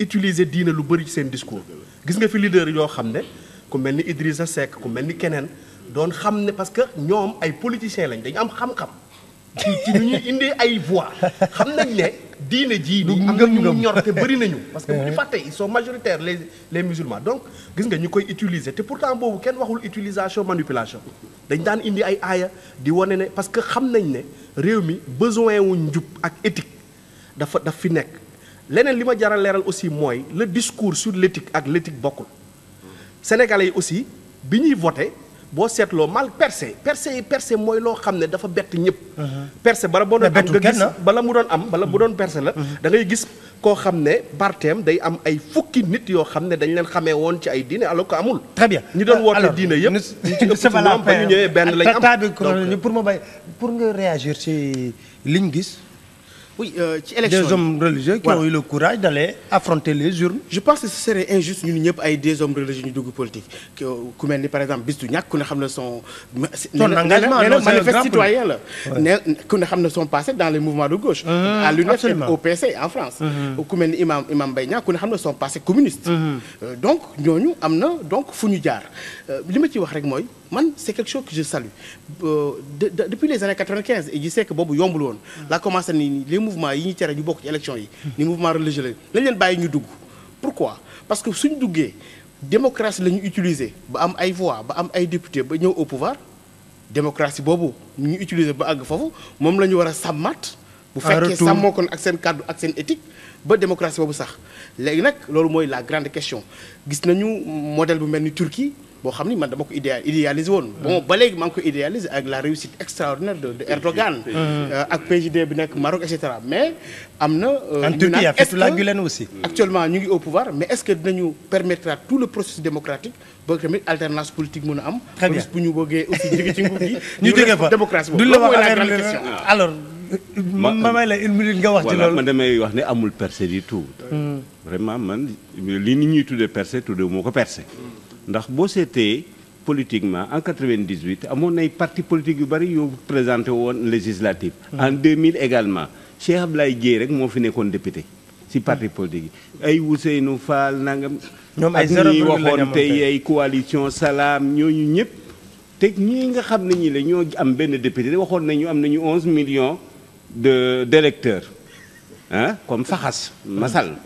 utiliser diine lu bëri ci seen discours gis nga fi leader yoo xam ne ku mel ni Idrissa Seck ko mel ni keneen doon xam ne parce que ñoom ay politiciens lañ dañu am xam-xam ci ci ñuy indi ay voix xam nañ ne diine jii nii am na ñu ñor te bëri nañu parce que bu ñu fàtte ils sont majoritaires les les musulmans donc gis nga ñu koy utiliser te pourtant boobu kenn waxul utilisation manipulation dañ daan indi ay aaya di wane ne parce que xam nañ ne réew mi besoin wu njub ak éthique dafa daf fi nekk leneen li ma jaral leeral aussi mooy le discours sur l'éthique ak l'éthique bokkul sénégalais yi aussi bi ñuy voté boo seetloo mal percé percé yi percé mooy loo xam ne dafa bett ñëpp. Uh-huh. percé bala boo doon am nga gis ah. bala mu doon am bala bu uh-huh. doon percé la. Uh-huh. da gis koo xam ne barteem day am ay fukki nit yoo xam ne dañu leen xamee woon ci ay diine alors que amul. très bien doon euh, woote diine yëpp. ñu ci ëpp ci ñoom ba ñu ñëwee benn lañ am pour ma bay pour nga réagir ci liñ gis. oui euh, ci élection des hommes religieux. qui ont eu le courage d'aller affronter les urnes. je pense que ce serait injuste ñun ñëpp ay des hommes religieux ñu dugg politique ku mel ni par exemple bis du ne xam engagement non manifeste citoyen la. ne ne xam ne dans les mouvements de gauche. à l'UNEF au PC e, en France. ku mel ni imam imam Mbaye Niang ne xam ne son euh, donc ñooñu am na donc fu ñu jaar. Euh, li ma ciy wax rek mooy man c' est quelque chose que je salue euh, de, de, depuis les années 95 et je sais que boobu yombul woon. la commencé ni les mouvements yi ñuy tere ñu bokk ci élection yi. ni mouvement religieux lañ leen bàyyi ñu dugg. pourquoi parce que suñ duggee démocratie la ñu utiliser ba am ay voix ba am ay député ba ñëw au pouvoir démocratie boobu ñu utiliser ba àgg foofu moom la ñu war a sàmmaat. bu fekkee sàmmoo kon ak seen kàddu ak seen éthique. ba démocratie boobu sax léegi nag loolu mooy la grande question gis nañu modèle bu mel ni Turquie. boo xam ni man dama ko idéal idéalisé woon. bon ba léegi maa ngi ko idéalisé ak la réussite extraordinaire de de Erdogan. Euh, ak PJD bi nekk Maroc et mais am na. Euh, en Turquie a fait la aussi. actuellement ñu ngi au pouvoir mais est-ce que dinañu permettre tout le processus démocratique ba tamit alternance politique mën a am. très bien ñu bëggee ñu jóge fa démocratie boobu loolu mooy la grande question ma may nga wax ci loolu. man damay wax ne amul percé du tout. Hmm. vraiment man li nit ñuy tuddee percé tuddee moo ko percé. ndax boo seetee politiquement en 98 amoon nay parti politique yu bëri yoo présenté woon législative hmm. en mille également Cheikh Ablaye Dièye rek moo fi nekkoon député si parti politique yi hmm. ay Ousseynou Fall nangam ak ñi waxoon tey ay coalition salaam ñooñu ñëpp te ñii nga xam ne ñi la ñoo am benn député waxoon nañu am nañu 11 million de d'électeurs ah comme faxas masal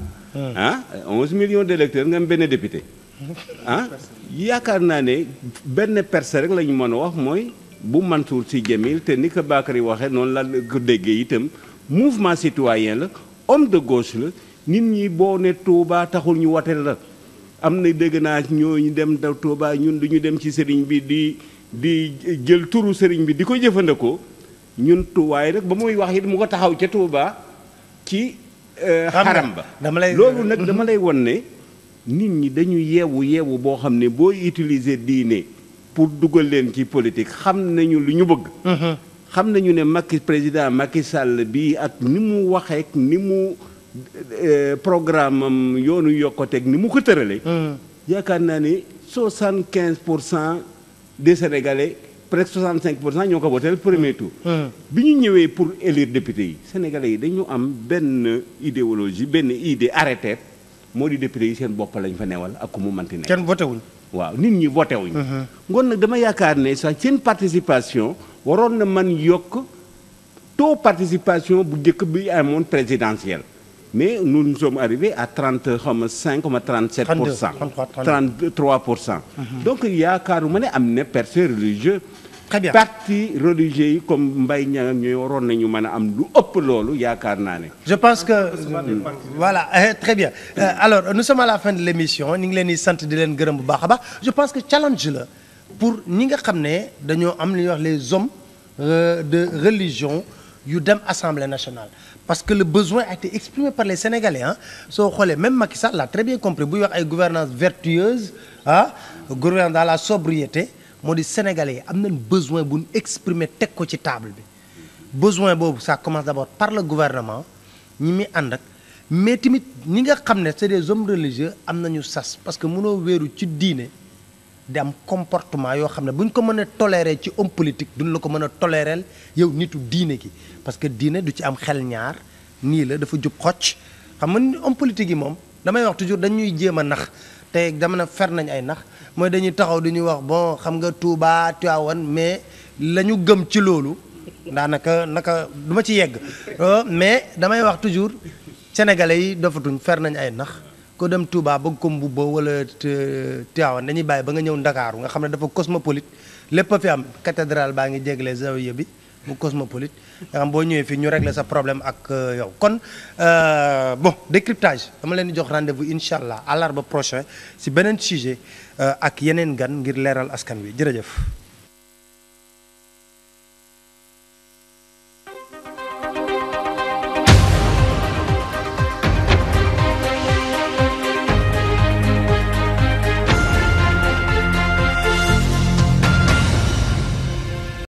ah hmm. 11 millions d'électeurs nga am benn député yaakaar naa ne benn perse rek la ñu mën a wax mooy bu Mansour Sy Djamil te ni ko Bakary waxee noonu la ko déggee itam mouvement citoyen la homme de gauche la nit ñi boo ne Touba taxul ñu wateel la am na dégg naa ñooñu dem da Touba ñun du ñu dem ci sëriñ bi di di jël turu sëriñ bi di ko jëfandikoo ñun tuwaay rek ba muy wax it mu ko taxaw ca Touba ci euh, xaram ba loolu nag dama lay won ne nit ñi dañu yeewu yeewu boo xam ne boo utiliser diine pour dugal leen ci politique xam nañu lu ñu bëgg. Mhm. xam nañu ne Macky président Macky Sall bi ak ni mu waxeek ni mu euh, programme am yoonu yokkoteeg ni mu ko tëralee. Mhm. yaakaar naa ni soixante quinze pour cent des sénégalais presque soixante cinq pour cent ñoo ko voté premier tour. Mhm. bi ñu ñëwee pour élire député yi sénégalais yi dañu am benn idéologie benn idée arrêtée. moo di député yi seen bopp lañ fa newal ak ku mu manti nekk. kenn voté waaw nit ñi voté wuñ. Mm-hmm. ngoon nag dama yaakaar ne sax seen participation waroon na man yokk taux participation bu njëkk bi amoon présidentiel mais nous nous sommes arrivés à trente xaw ma cinq xaw ma trente sept pour cent. trente trois pour cent. Mm-hmm. donc yaakaaruma ne am na percée religieux très bien parti religieux yi comme mbay Niang ak ñooy waroon nañu mën a am lu ëpp loolu yaakaar naa ne. je pense que voilà eh, très bien euh, alors nous sommes à la fin de l' émission ñu ngi leen di sant di leen gërëm bu baax a baax je pense que challenge la pour ñi nga xam ne dañoo am lu wax les hommes euh, de religion yu dem assemblée nationale. parce que le besoin a été exprimé par les sénégalais soo xoolee même Macky Sall l'a très bien compris buy wax ay gouvernance vertueuse ah gouvernance dans la sobriété. moo di sénégalais yi am nañ besoin bu ñu exprimer teg ko ci table bi besoin boobu ça commence d'abord par la gouvernement ñi mi ànd ak mais tamit ñi nga xam ne c'est des hommes religieux am nañu sas parce que munoo wéeru ci diine di am comportement yoo xam ne buñ ko mën a tolérer ci homme politique duñ la ko mën a toléreel yow nitu diine gi parce que diine du ci am xel ñaar nii la dafa jub xocc xam nga homme politique yi moom damay wax toujours dañuy jéem a nax tey dama na fer nañ ay nax mooy dañuy taxaw du ñuy wax bon xam nga Touba Tivaouane mais la ñu gëm ci loolu daanaka naka du duma ci yegg euh, mais damay wax toujours sénégalais yi dofatuñ fer nañ ay nax ko dem Touba bëgg ko mbubba wala Tivaouane dañuy bàyyi ba nga ñëw ndakaaru nga xam ne dafa cosmopolite lépp a fi am cathédrale baa ngi jégle zawiya bi bu cosmopolite nga xam boo ñëwee fii ñu régler sa problème ak euh, yow kon euh, bo décryptage dama leen di jox rendez-vous incha allah àllarba prochain si beneen sujet euh, ak yeneen gan ngir leeral askan wi jërëjëf.